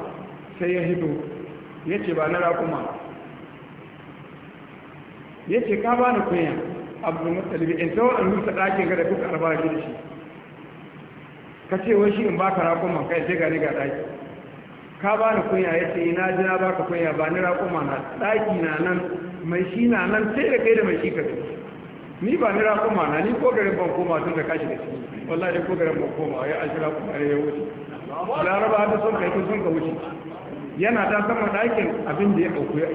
sai ya hito ya ce ba na raƙuma ya ce ka ba ni kunya abdul muttalib in tawo an rusa ɗakin ga da kuka albashi da shi ka ce wai shi in ba rakon raƙuma kai sai gani ga ɗaki ka ba ni kunya ya ce ina ji na baka kunya ba ni raƙuma na ɗaki na nan mai shi na nan sai da kai da mai shi ka ni ba ni raƙuma na ni ko garin ban koma tun da kashi da shi wallahi ko garin ban koma ya an shi raƙuma ya wuce laraba da sun kai sun ka wuce yana ta sama ɗakin abin da ya ɗauku ya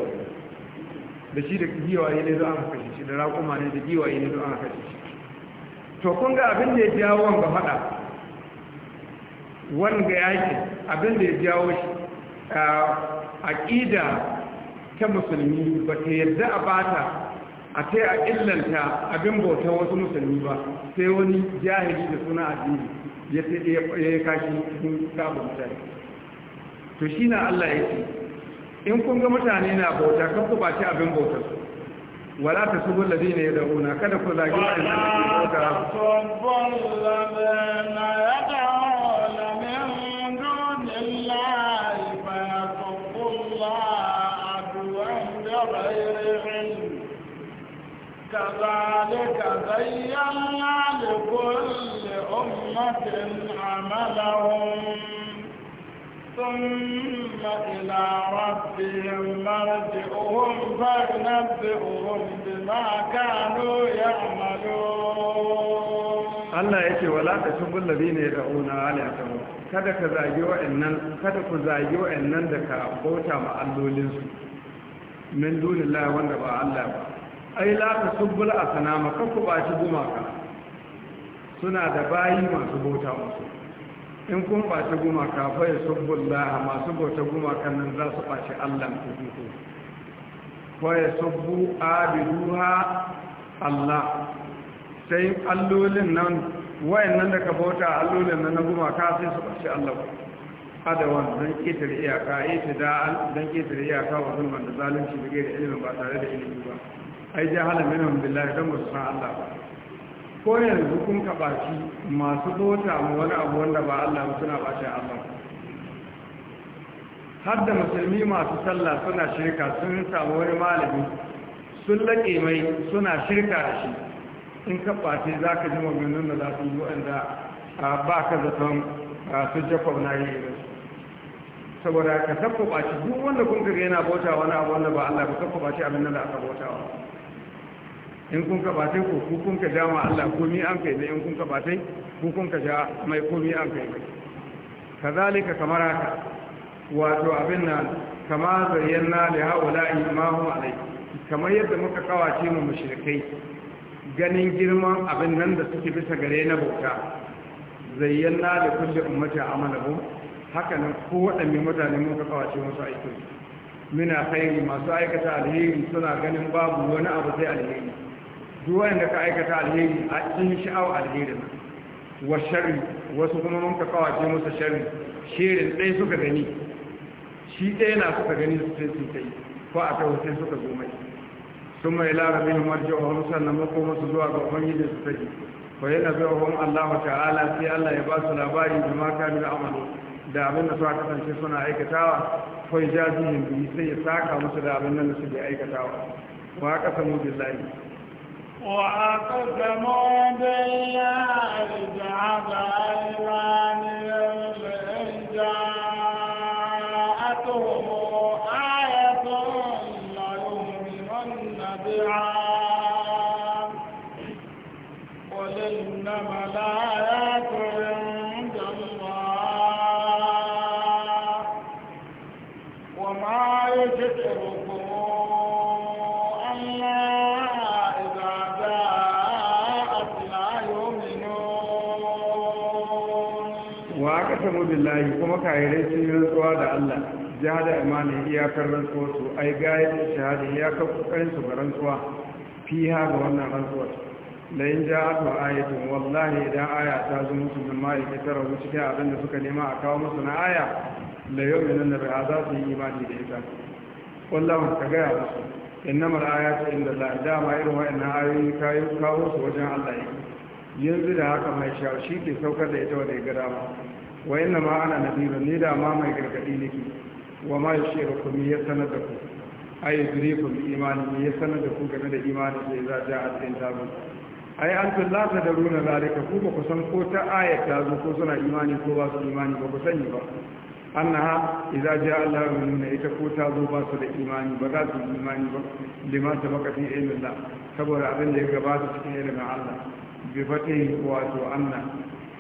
da shi da giwaye ne zo an kashe shi da raƙuma ne da giwaye ne zo an kashe shi to kun ga abin da ya jawo wanga faɗa wanda yakin abinda ya jawo shi a aqida ta musulmi ba ta yarda a bata a ta a illanta abin bauta wasu musulmi ba sai wani jahili da suna addini ya ya kashi cikin sabon tare to shi na Allah ya ce in kun ga mutane na bauta kan ku abin bautar su ولا تسبوا kada ku كذا كذا da الذين يدعون بغير علم كذلك زينا لكل أمة عملهم ثم إلى ربهم مرجعهم فينبئهم بما كانوا يعملون Allah yake wala ta shubul ladina yad'una kada ka zagi wa'annan kada ku zagi wa'annan da ka bauta ma min wanda ba Allah ba ai la tasubbul asnama kanku ba ci gumaka suna da bayi masu bauta musu in kun ɓaci gumaka bai subbul laha masu bauta gumakan nan za su ɓaci Allah ku fito bai subbu abiduha Allah sai allolin nan wayannan da ka bauta allolin nan na gumaka sai su ɓaci Allah adawan don ƙetare iyaka ya ce da'al don ƙetare iyaka wa zulman da zalunci da gaira ilimin ba tare da ilimi ba ai jahala minhum billahi don wasu san Allah ba ko yanzu kun kaɓaci masu bota mu wani abu wanda ba Allah ba suna ɓace Allah har da musulmi masu sallah suna shirka sun samu wani malami sun laƙe mai suna shirka da shi in kaɓace za ka ji maganin da za su yi waɗanda ba ka zaton su jakob na yi irin saboda ka tabbaba shi duk wanda kun kaga yana bauta wani abu wanda ba Allah ba tabbaba shi abin nan da aka wa in kun ka bate ko ku kun ka ja ma Allah komi an kai ne in kun ka bate, ku kun ka ja mai komi an kai mai kazalika kamar haka wato abin nan kama zayyana li haula'i ma hum alai kamar yadda muka kawace mu mushrikai ganin girman abin nan da suke bisa gare na bauta zayyana li kulli ummati amalahum haka nan ko waɗanne mutane mun ka kawace musu aikin muna khairi masu aikata alheri suna ganin babu wani abu sai alheri duk wanda ka aikata alheri a cikin sha'aw alheri wa sharri wasu kuma mun ka kawace musu sharri shirin ɗaya suka gani shi ɗaya na suka gani su sai su kai ko a ta sai suka zo mai sun mai larabin marjawar sannan makoma su zuwa ga ubangiji su tafi ko yana bai wa Allah ta'ala sai Allah ya ba su labari da ma kamilu amalu da abin da suka kasance suna aikatawa kai jazihin bi sai ya saka musu da abin da suke aikatawa wa mu billahi wa aqsamu billahi ja'ala aymanu kahirai sun yi rantsuwa da Allah jihada imanin iyakar rantsuwa su ai da shahada iyakar kokarin su ga rantsuwa ha ga wannan rantsuwa da in ja aka ayatun wallahi idan aya ta zo musu da mai kitar rubuci cikin abin da suka nema a kawo musu na aya yau yu'minu na ba za su yi imani da ita wallahi ka gaya musu innamar ayatu inda la dama irin wa'annan ayoyi kayo kawo su wajen Allah yanzu da haka mai shawo shi ke saukar da ita wanda ya gada dama wa yana ma ana nadiru ni da ma mai gargaɗi nake wa ma ya shera ku ya sanar da ku A ai zurifu bi imani ya sanar da ku game da imani sai za ja a cikin tabu ai an tullata da runa zalika ku ba ku san ko ta aya ta zo ko suna imani ko ba su imani ba ku sani ba annaha idza jaa Allah nuna ita ko ta zo ba su da imani ba za su yi imani ba Liman ta baka fi ilmin Allah saboda abin da ya gabata cikin ilimin Allah bi fatihi wato anna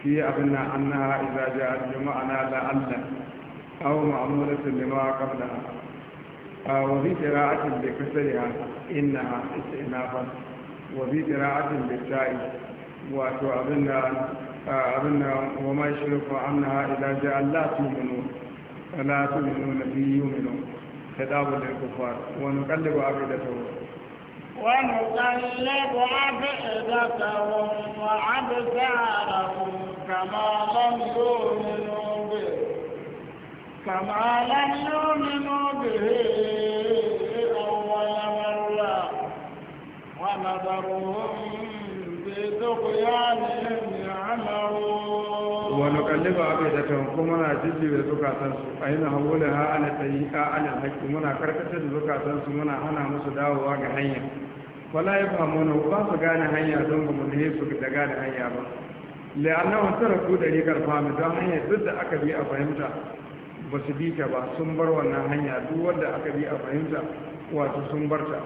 في أغنى أنها إذا جاءت بمعنى لعل أو معمولة لما قبلها وفي قراءة بكسرها إنها استئنافا وفي قراءة بالتاء وأتوا أبنى وما يشرف أنها إذا جاء لا تؤمنون لا تؤمنون به يؤمنون خطاب للكفار ونقلب عقيدته ونقلب أفئدتهم وأبصارهم كما لم يؤمنوا به كما لم يؤمنوا به أول مرة ونذرهم في طغيانهم يعمرون ونقلب أفئدتهم كما نجزي بزكاتهم aina hawulaha ala sayyi'a ala alhaqi muna karkatar da zukatansu muna hana musu dawowa ga hanya wala ya fahimu na ba su gane hanya don ba mu ne su da gane hanya ba la'annahu taraku da rigar fami don hanya duk da aka bi a fahimta ba su bi ta ba sun bar wannan hanya duk wanda aka bi a fahimta wato sun bar ta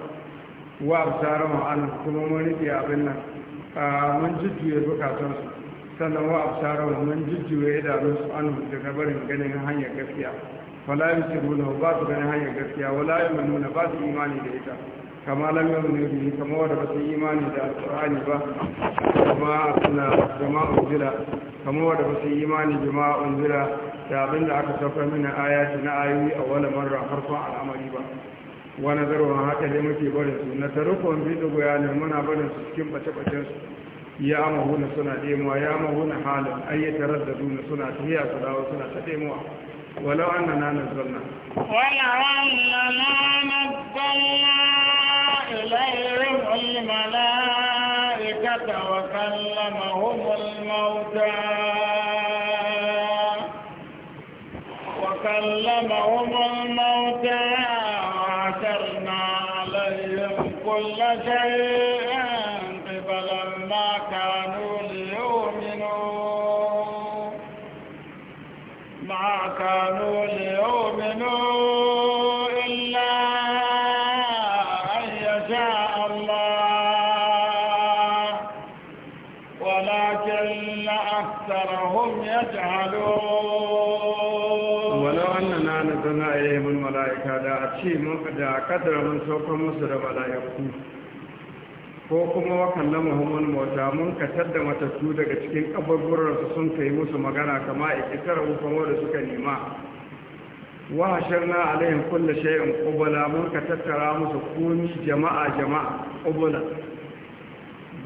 wa ma an kuma mun rike abin nan mun jujjuye bukatunsu sannan wa ma mun jujjuye su an daga barin ganin hanyar gaskiya wala yusiruna ba su ganin hanyar gaskiya wala yu'minuna ba su imani da ita kama lam yu'minu bihi kama wanda ba su yi imani da alqur'ani ba kama suna jama'a unzila kama wanda ba su yi imani jama'a unzila da abin da aka saukar mana ayati na ayoyi a wani marar farkon al'amari ba wani zarwa haka ne muke barin su na tarukon bidu ne, muna barin su cikin bace-bacen su ya mahuna suna demuwa ya mahuna halin ayyatar da duna suna tafiya su dawo suna ta demuwa walau annana nazzalna walau na nazzalna إليهم الملائكة وكلمهم الموتى وكلمهم الموتى وعثرنا عليهم كل شيء فلما كانوا ليؤمنوا ما كانوا ليؤمنوا kadar mun saukar musu da mala'iku ko kuma wakan na muhimmin mota mun katar da matattu daga cikin su sun kai musu magana kama ikitar hukumo da suka nema wahashar na alayin kulle shayin ƙubala mun ka tattara musu kuni jama'a jama'a ƙubala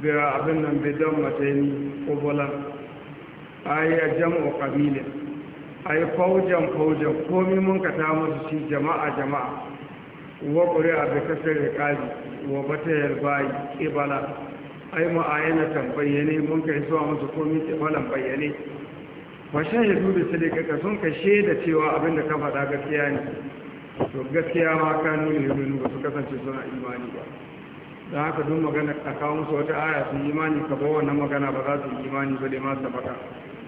bira abin nan bidan matani ƙubala a yi a jam'a ƙabilin a yi faujan faujan komi mun ka ta musu shi jama'a jama'a da a da kaji wa batayar bayi ƙibala ai ma'ayanatan bayyane mun kai zuwa musu komi ƙibalan bayyane fashen ya dubi sadikaka sun kashe da cewa abinda ka fada gaskiya ne to gaskiya ma ka nuna yaminu ba su kasance suna imani ba don haka dun magana a kawo su wata aya su imani ka ba wannan magana ba za su imani ba dai masu sabaka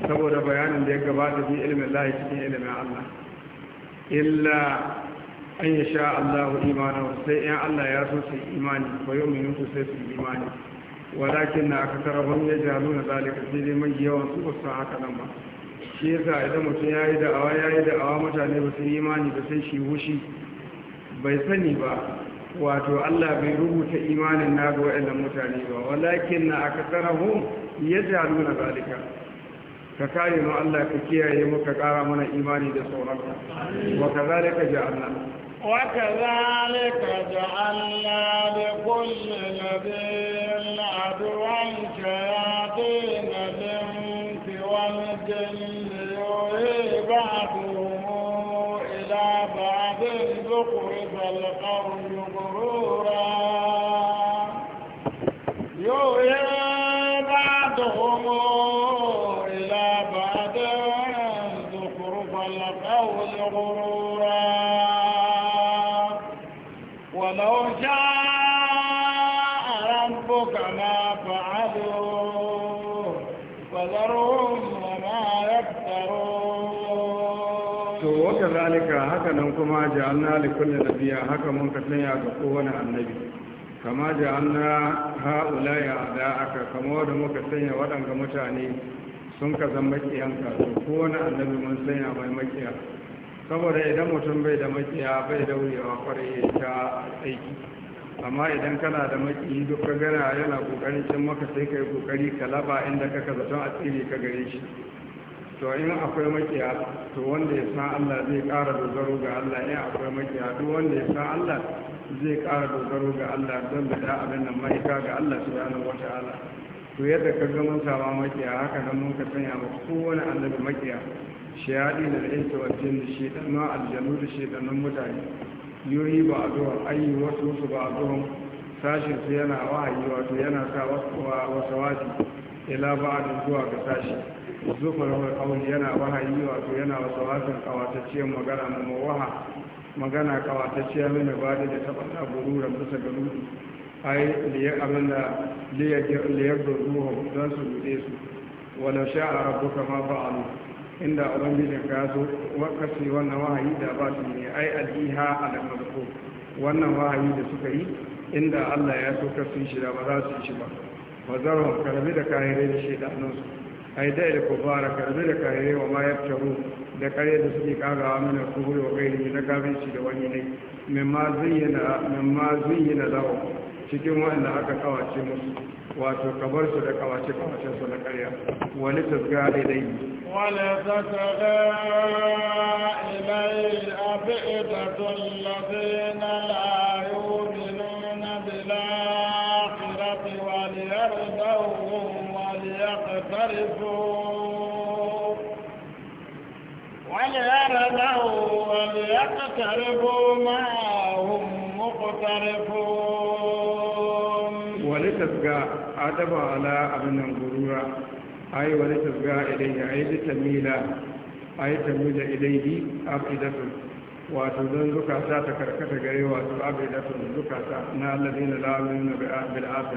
saboda bayanin da ya gabata bi ilimin lahi cikin ilimin allah illa an yi sha Allahu imanin sai ‘yan Allah ya so su imani ba yau minutu sai su imani walakin na aka tarabon ya ja nuna zalika sai dai mai yawan su ba haka nan ba shi yasa idan mutum ya yi da'awa ya yi da'awa mutane ba su imani ba sai shi wushi bai sani ba wato Allah bai rubuta imanin na ga waɗannan mutane ba walakin na aka tarabon ya ja nuna zalika ka kare mu Allah ka kiyaye mu ka kara mana imani da sauranka wa kazalika ja'alna وكذلك جعلنا لكل نبي عدوا شياطين الانس والجن يوحي بعضهم الى بعض ذكر فالقول غرورا haka nan kuma ja'alna li kulli nabiyya haka mun ka sanya ga kowane annabi kama ja'alna haula ya aka kama wanda muka sanya waɗanga mutane sun ka zama kiyan ka kowane annabi mun sanya mai makiya saboda idan mutum bai da makiya bai da wuyawa, kwarai ta aiki amma idan kana da makiyi duk ka gana yana kokarin cin maka sai kai kokari ka laba inda kaka zaton tsiri ka gare shi to in akwai makiya to wanda ya san Allah zai ƙara dogaro ga Allah in akwai makiya duk wanda ya san Allah zai ƙara dogaro ga Allah don da da abin nan maika ga Allah subhanahu ta'ala to yadda ka ga mun sama makiya haka nan mun ka sanya mu kowane annabi makiya shayadi da insa wa shi da nan aljanu da shi nan mutane Yoyi ba a zuwa ayi wasu wasu ba a zuwan sashin su yana wahayi wato yana sa wasu wasu ila ba a zuwa ga sashi da alƙawli yana wahayi wato yana wasu wasan kawatacciyar magana mawaha magana kawatacciyar mai ba da ta faɗa da bisa ga rudu ai liyar abin da liyar da ruwa don su buɗe su wadda sha a rabu kama nu inda ubangijin ka so wakasi wannan wahayi da ba su ne ai al'iha alamarko wannan wahayi da suka yi inda allah ya so kasu shi da ba za su yi shi ba ba zarar karbi da kayan rai da shaidanunsu ai da da kufara karbi da kare wa ma yaftaru da kare da suke kagawa mana kuhuri wa gairi na gabanci da wani ne mimma zuyyana yi na lahu cikin wanda aka kawace musu wato kabar su da kawace kawace su na karya wani tasga daidai wani tasga ilai abidatun lafin فاقترفوا ما هم مقترفون ولتسقى أتبع على أبن القرورة أي ولتسقى إليه أي تميلة أي تميلة إليه أفئدة wato zan zuka ta ta karkata gare wato abu da su zuka ta na alladhi na lamu na bil akhirah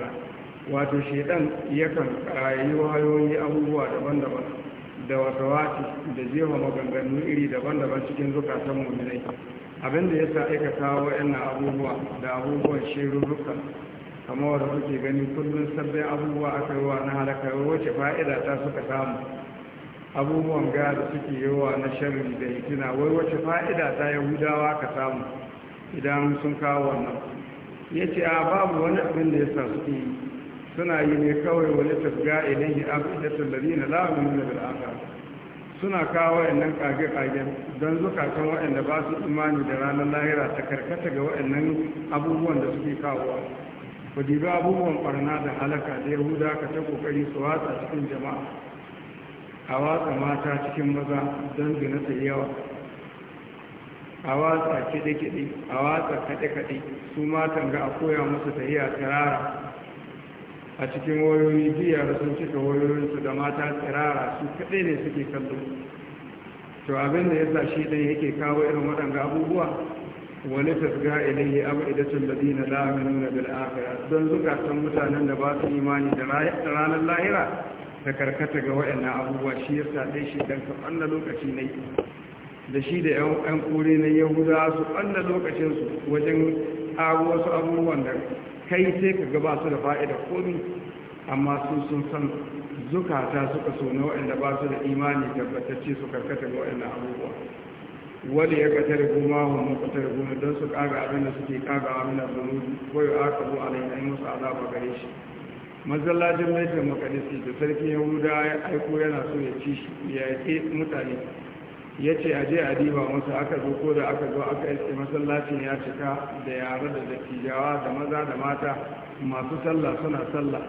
wato shedan yakan rayuwa yoyi abubuwa daban-daban da wasawati da jewa maganganu iri daban-daban cikin zukatan muminai abinda ya sa aika kawo yana abubuwa da abubuwan shirurruka kamar wadda suke gani kullum sabbin abubuwa a kaiwa na halakar wace fa'ida ta suka samu abubuwan ga suke yawa na sharri da hitina wai wace fa'ida ta yahudawa ka samu idan sun kawo wannan ya ce a babu wani abin da ya sa suke yi suna yi ne kawai wani tafiya idan yi abidatun da zina lamun da bil'aka suna kawo wa'annan kage-kagen don zukatan wa'anda ba su imani da ranar lahira ta karkata ga wa'annan abubuwan da suke kawo ku dibi abubuwan barna da halaka da yahuda ka ta kokari su watsa cikin jama'a a watsa mata cikin maza don zina ta yawa a watsa kiɗe-kiɗe a watsa kaɗe-kaɗe su matan ga a koya musu ta yi a cikin wayoyi biyar sun cika wayoyinsu da mata tsirara su kaɗai ne suke kallo to abin da ya sa shi ɗan yake kawo irin waɗanda abubuwa wani tasga ilayhi abidatun ladina na aminuna bil akhirah don zukatan mutanen da ba su imani da ranar lahira da karkata ga waɗannan abubuwa shi ya sa dai shi dan ka fanna lokaci ne da shi da yan kure na yahuda su ɓanna lokacinsu wajen ƙaro wasu abubuwan da kai sai ka gaba su da fa'ida komi amma sun sun san zukata suka so na waɗanda ba su da imani tabbatacce su karkata ga waɗannan abubuwa wani ya kata da goma wa mafata da goma don su kaga abin da suke kaga abin da zunubi ko aka zo a lai musu azaba gare shi masallacin mai makadisi da sarki yahuda ya aiko yana so ya ci shi ya yake mutane ya ce a je a diba masu aka zo ko da aka zo aka iske masallacin ya cika da yare da dattijawa da maza da mata masu sallah suna sallah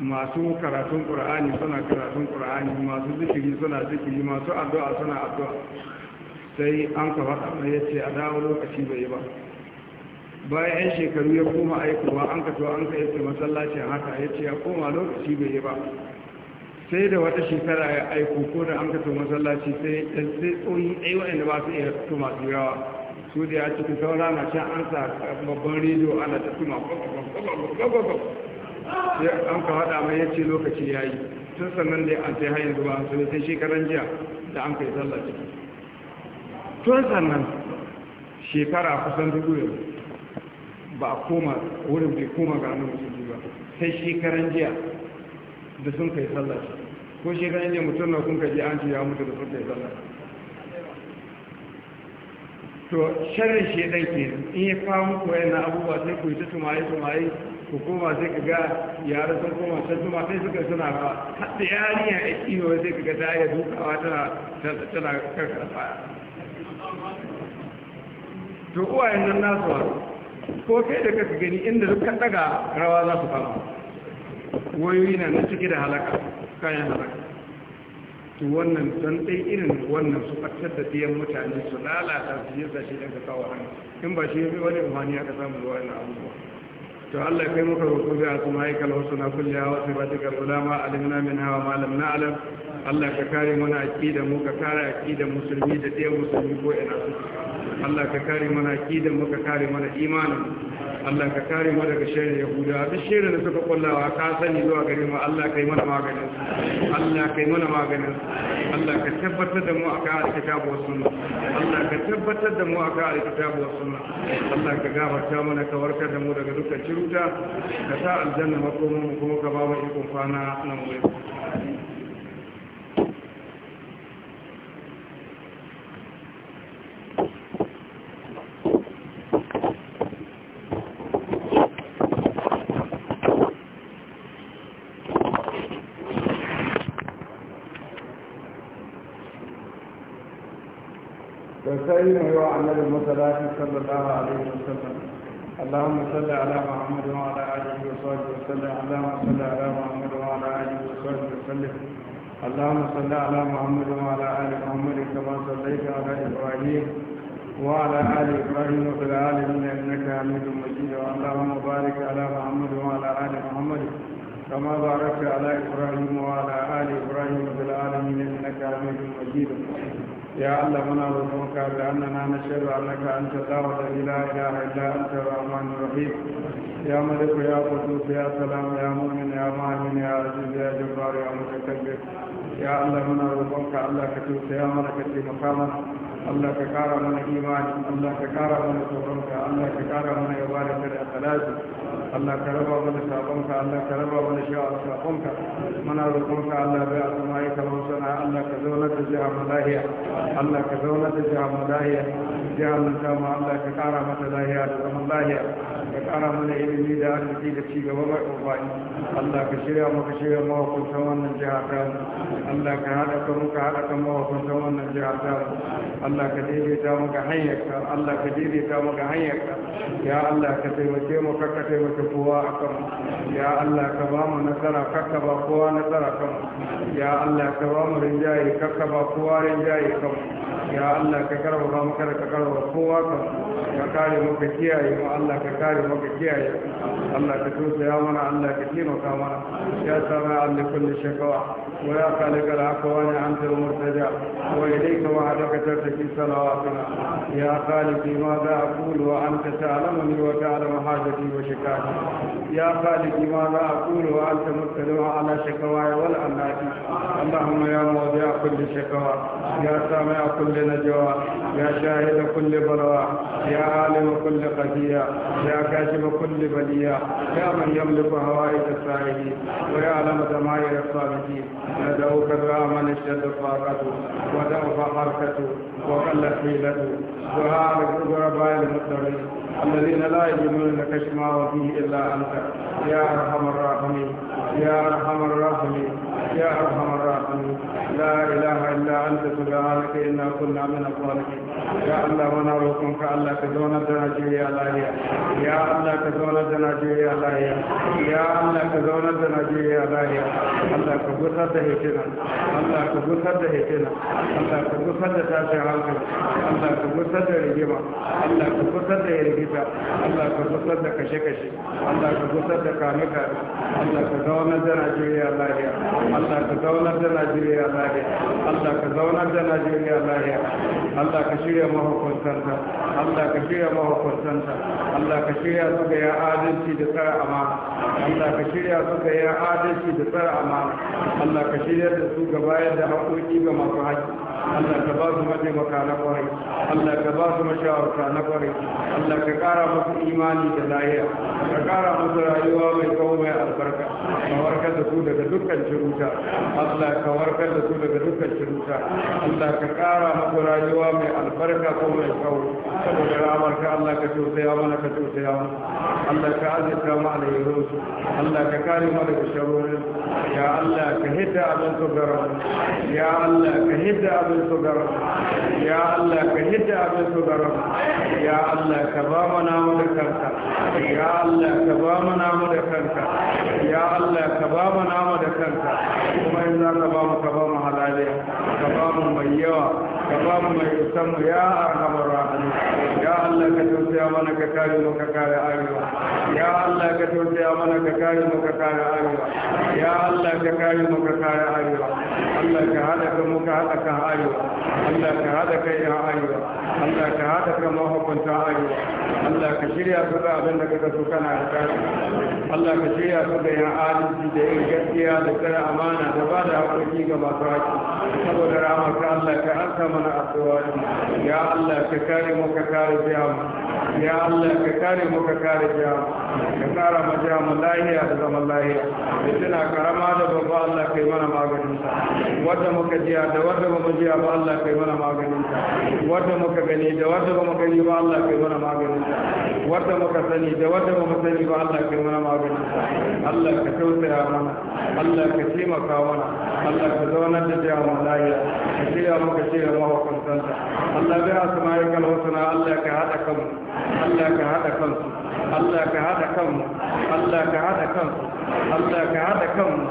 masu karatun ƙur'ani suna karatun ƙur'ani masu zikiri suna zikiri masu addu'a suna addu'a sai an ka faɗa mai ya ce a dawo lokaci bai ba bayan 'yan shekaru ya koma aikowa an ka to an ka iske masallacin haka ya ce ya koma lokaci bai ba sai da wata shekara ya aiko ko da an kato masallaci sai ɗan sai tsohi ɗai inda ba su iya to masu yawa su da ya cikin saura na can an sa babban rediyo ana ta tuma sai an ka haɗa mai ya lokaci ya yi tun sannan da an sai hanyar zuwa su sai shekaran jiya da an kai sallaci tun sannan shekara kusan dubu ya ba a koma wurin bai koma ga nan annabi ba sai shekaran jiya da sun kai sallah ko shi kan ne mutum na kun kaji an ce ya mutu da sun kai sallah to sharrin shedan ke in ya famu muku wayannan abubuwa sai ku yi ta tumaye tumaye ku koma sai ka ga yara sun koma can tuma sai suka suna ba hadda yarinya a iyo sai ka ga ta iya dukawa tana tana karkarfa to uwayen nan nasu ko kai da kaka gani inda duk ka daga rawa za su fara. wayoyi na nan cike da halaka kayan halaka to wannan don ɗai irin wannan su ɓatar da biyan mutane su lalata su yi zashi don ka kawo hannu in ba shi yi wani umarni aka samu da wani abubuwa to Allah kai muka roƙo bi a kuma haikal wasu na kulle hawa sai ba tukar ulama alimna min hawa malam na alam Allah ka kare mana da mu ka kare da musulmi da ɗaya musulmi ko ina su Allah ka kare mana da mu ka kare mana imanin Allah ka kare mu daga shirin yahuda duk shirin da suka kullawa ka sani zuwa gare mu Allah kai mana maganin Allah kai mana maganin Allah ka tabbatar da mu aka alkitabu wa sunna Allah ka tabbatar da mu aka alkitabu wa sunna Allah ka gafarta mana ka warkar da mu daga dukkan ciruta ka sa aljanna makomin mu kuma ka ba mu ikon kwana nan mu hanyoyi ne wa annabi masalati sallallahu alaihi wasallam اللهم صل على محمد وعلى اله وصحبه وسلم اللهم صل على محمد وعلى اله وصحبه وسلم اللهم صل على محمد وعلى ال محمد كما صليت على ابراهيم وعلى ال ابراهيم في العالمين انك حميد مجيد اللهم بارك على محمد وعلى ال محمد كما باركت على ابراهيم وعلى ال ابراهيم في العالمين انك حميد مجيد ya Allah muna roƙon ka da annana na shirru annaka an ta tsawa da ila ila ila ta rahman rahim ya malik ya qudus ya salam ya mu'min ya mahin ya aziz ya jabbar ya mutakabbir ya Allah muna roƙonka Allah ka tausaya mana ka taimaka mana Allah ka kara mana imani Allah ka kara mana tsoronka Allah ka kara mana ibadaka da salati Allah ka raba mana sabonka Allah ka raba mana sha'ar sabonka muna roƙonka Allah bai asma'i ka hausana Allah ka zauna da jiha malahiya Allah ka zauna da jiha malahiya Jiha nan ta ma Allah ka kara mata lahiya da zaman lahiya ka kara mana ilimi da arziki da ci gaba mai ƙofani Allah ka shirya maka shirya mawakuntan wannan jiha ta الله كهلكم كهلكم وهم تمنى جعلتهم الله كديري تام كحيك الله كديري تام كحيك يا الله كتير وكيم وكتير وكفوا يا الله كبام نزرا كتبا فوا نزراكم يا الله كبام رنجاي كتبا فوا رنجايكم يا الله ككرم كرم كر ككرم فوا كم كاري مكتيا يا الله ككاري مكتيا يا الله كتوس يا الله كتير وكمان يا سماع لكل شكوى ويا كل لك الأقوال أنت المرتجع وإليك وعدك ترتكي صلواتنا يا خالقي ماذا أقول وأنت تعلمني وتعلم حاجتي وشكاتي يا خالقي ماذا أقول وأنت مطلع على شكواي والأناتي اللهم يا موضع كل شكوى يا سامع كل نجوى يا شاهد كل بلوى يا عالم كل قضية يا كاشف كل بلية يا من يملك هوائج السائلين ويعلم ضمائر الصالحين ندعوك وقد رام نشيت طاقته وضعف حركته وقل حيلته وهارك الغرباء المضطرين الذين لا يجدون لك شماء فيه الا انت يا ارحم الراحمين يا ارحم الراحمين يا أرحم الراحمين لا إله إلا أنت سبحانك إنا كنا من الظالمين يا الله ونعوذكم روكم كالله كزونا دناجي يا الله يا الله كزونا دناجي يا الله يا الله كزونا دناجي يا الله يا الله كبوسا دهيتنا الله كبوسا دهيتنا الله كبوسا دتاشي حالك الله كبوسا درجما الله كبوسا درجتا الله كبوسا دكشكشي الله كبوسا دكامكا الله كزونا دناجي يا الله Allah ka zaunar da Najeriya lahiya Allah ka zaunar da Najeriya lahiya Allah ka shirya mahukuntanta Allah ka shirya mahukuntanta Allah ka shirya su ga ya adalci da tsara amma. Allah ka shirya su ga ya adalci da tsara amma. Allah ka shirya da su ga bayar da haƙoƙi ga masu haƙƙi Allah ka ba su maje na kwarai Allah ka ba su mashawarta na kwarai Allah ka ƙara musu imani da lahiya ka ƙara musu rayuwa mai kawo mai albarka ka da su daga dukkan ciruta Allah ka warkar da su daga dukkan shiruta Allah ka kara muku rayuwa mai albarka ko mai kawo saboda ramar ka Allah ka tausaya mana ka tausaya mana Allah ka azurta mu alherin su Allah ka kare mu daga sharorin ya Allah ka hidda abin su garan ya Allah ka hidda abin su garan ya Allah ka hidda abin su garan ya Allah ka ba mana mu da kanka ya Allah ka ba mana mu da kanka ya Allah ka ba mana mu da kanka kuma in za ka ba mu ka ba mu halaliya ka ba mu mai yawa ka ba mu mai isan mu ya arhamar rahimi ya Allah ka tausaya mana ka kare mu ka kare arewa ya Allah ka tausaya mana ka kare mu ka kare arewa ya Allah ka kare mu ka kare arewa Allah ka hada ka mu ka hada ka arewa Allah ka hada ka ya arewa Allah ka hada ka mahukunta arewa Allah ka shirya su da abin da kaka so kana da Allah ka shirya su da yan adalci da yin gaskiya da tsara amana amana da ba da haƙoƙi ga masu haƙi saboda ramarka Allah ka ansa mana addu'o'i ya Allah ka kare mu ka kare jihamu ya Allah ka kare mu ka kare jihamu ka kara ma jihamu lahiya da zaman lahiya tana karama da babba Allah kai mana maganin ta wanda muka jiya da wadda ba mu jiya ba Allah kai mana maganin ta wanda muka gani da wadda ba mu gani ba Allah kai mana maganin ta wanda muka sani da wadda ba mu sani ba Allah kai mana maganin ta Allah ka tausaya mana Allah ka taimaka taimaka mana Allah ka zauna da jiya mu lafiya ka shirya muka shirya mahukuntanta Allah bai husna Allah ka hada Allah ka hada kansu Allah ka hada kanmu Allah ka hada kanmu Allah ka hada kanmu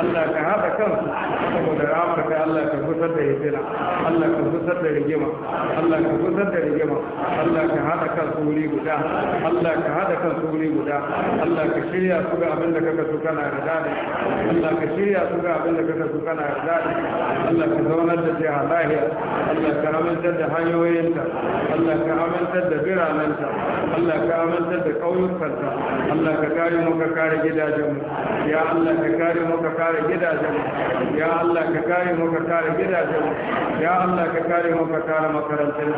Allah ka hada kanmu saboda Afirka Allah ka gusar da hijira Allah ka gusar da rigima Allah ka gusar da rigima Allah ka hada kansu wuri guda Allah ka hada kansu wuri guda Allah ka shirya su ga abin da kaka so kana yarda da Allah ka shirya su ga abin da kaka so kana yarda da Allah ka zaunar da jiha lahiya Allah ka amintar da hanyoyinta Allah ka amintar da biranenta Allah ka amintar da ƙauyukanta Allah ka kare mu ka kare gidajenmu ya Allah ka kare mu ka kare gidajenmu ya Allah ka kare mu ka kare gidajenmu ya Allah ka kare mu ka kare makarantun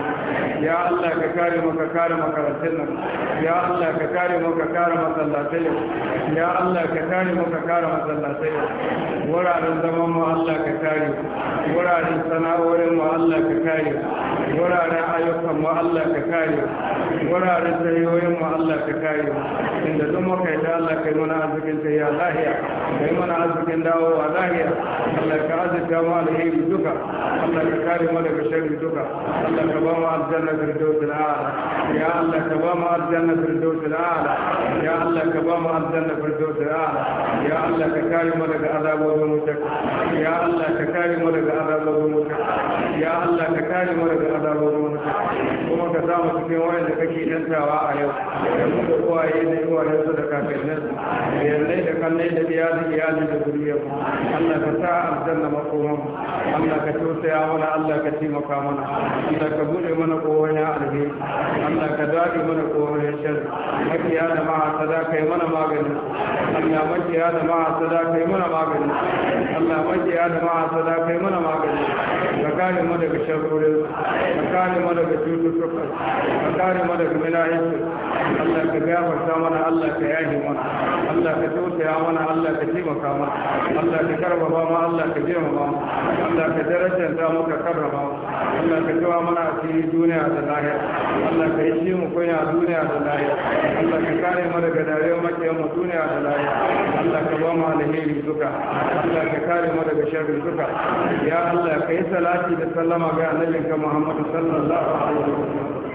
ya Allah ka kare mu ka kare makarantun ya Allah ka kare mu ka kare masallatai ya Allah ka kare mu ka kare masallatai wuraren zaman mu Allah ka kare wuraren sana'o'in mu Allah ka kare wuraren ayyukan mu Allah ka kare wuraren tsayoyin mu Allah ka kare inda duk muka yi da Allah kai mana arzikin tsayya lahiya kai mana arzikin dawowa lahiya Allah ka azurta mu alheri duka Allah ka kare mu daga sharri duka Allah ka ba mu aljanna firdaus al'ala ya Allah ka ba mu aljanna firdaus al'ala ya Allah ka ba mu aljanna firdaus al'ala ya Allah ka kare mu daga azabobin wutar ya Allah ka kare mu daga azabobin wutar ya Allah ka kare mu daga azaba ruwan kuma ka samu cikin wayan da kake dantawa a yau da mu da kowaye da iwayen su da kakannin su da yallai da kallai da iyalin iyalin da zuriyar mu Allah ka sa aljanna makoman mu Allah ka tausaya mana Allah ka taimaka mana Allah ka bude mana kowane alheri Allah ka dade mana kowane sharri makiya da ma'asada kai mana maganin Allah makiya da ma'asada kai mana maganin Allah makiya da ma'asada kai mana maganin ka kare mu daga sharrorin ka kare mana ga cututtuka ka kare mana ga milayensu Allah ka gafarta mana Allah ka yahi mana Allah ka tausaya mana Allah ka taimaka mana Allah ka karbaba ma Allah ka girmama mu Allah ka darajanta mu ka karrama mu Allah ka tawa mana asiri duniya da lahiya Allah ka yi mu kunya duniya da lahiya Allah ka kare mana ga dariyar makiyar mu duniya da lahiya Allah ka ba mu alheri duka Allah ka kare mu daga sharri duka ya Allah ka yi salati da sallama ga annabinka Muhammad صلى الله عليه وسلم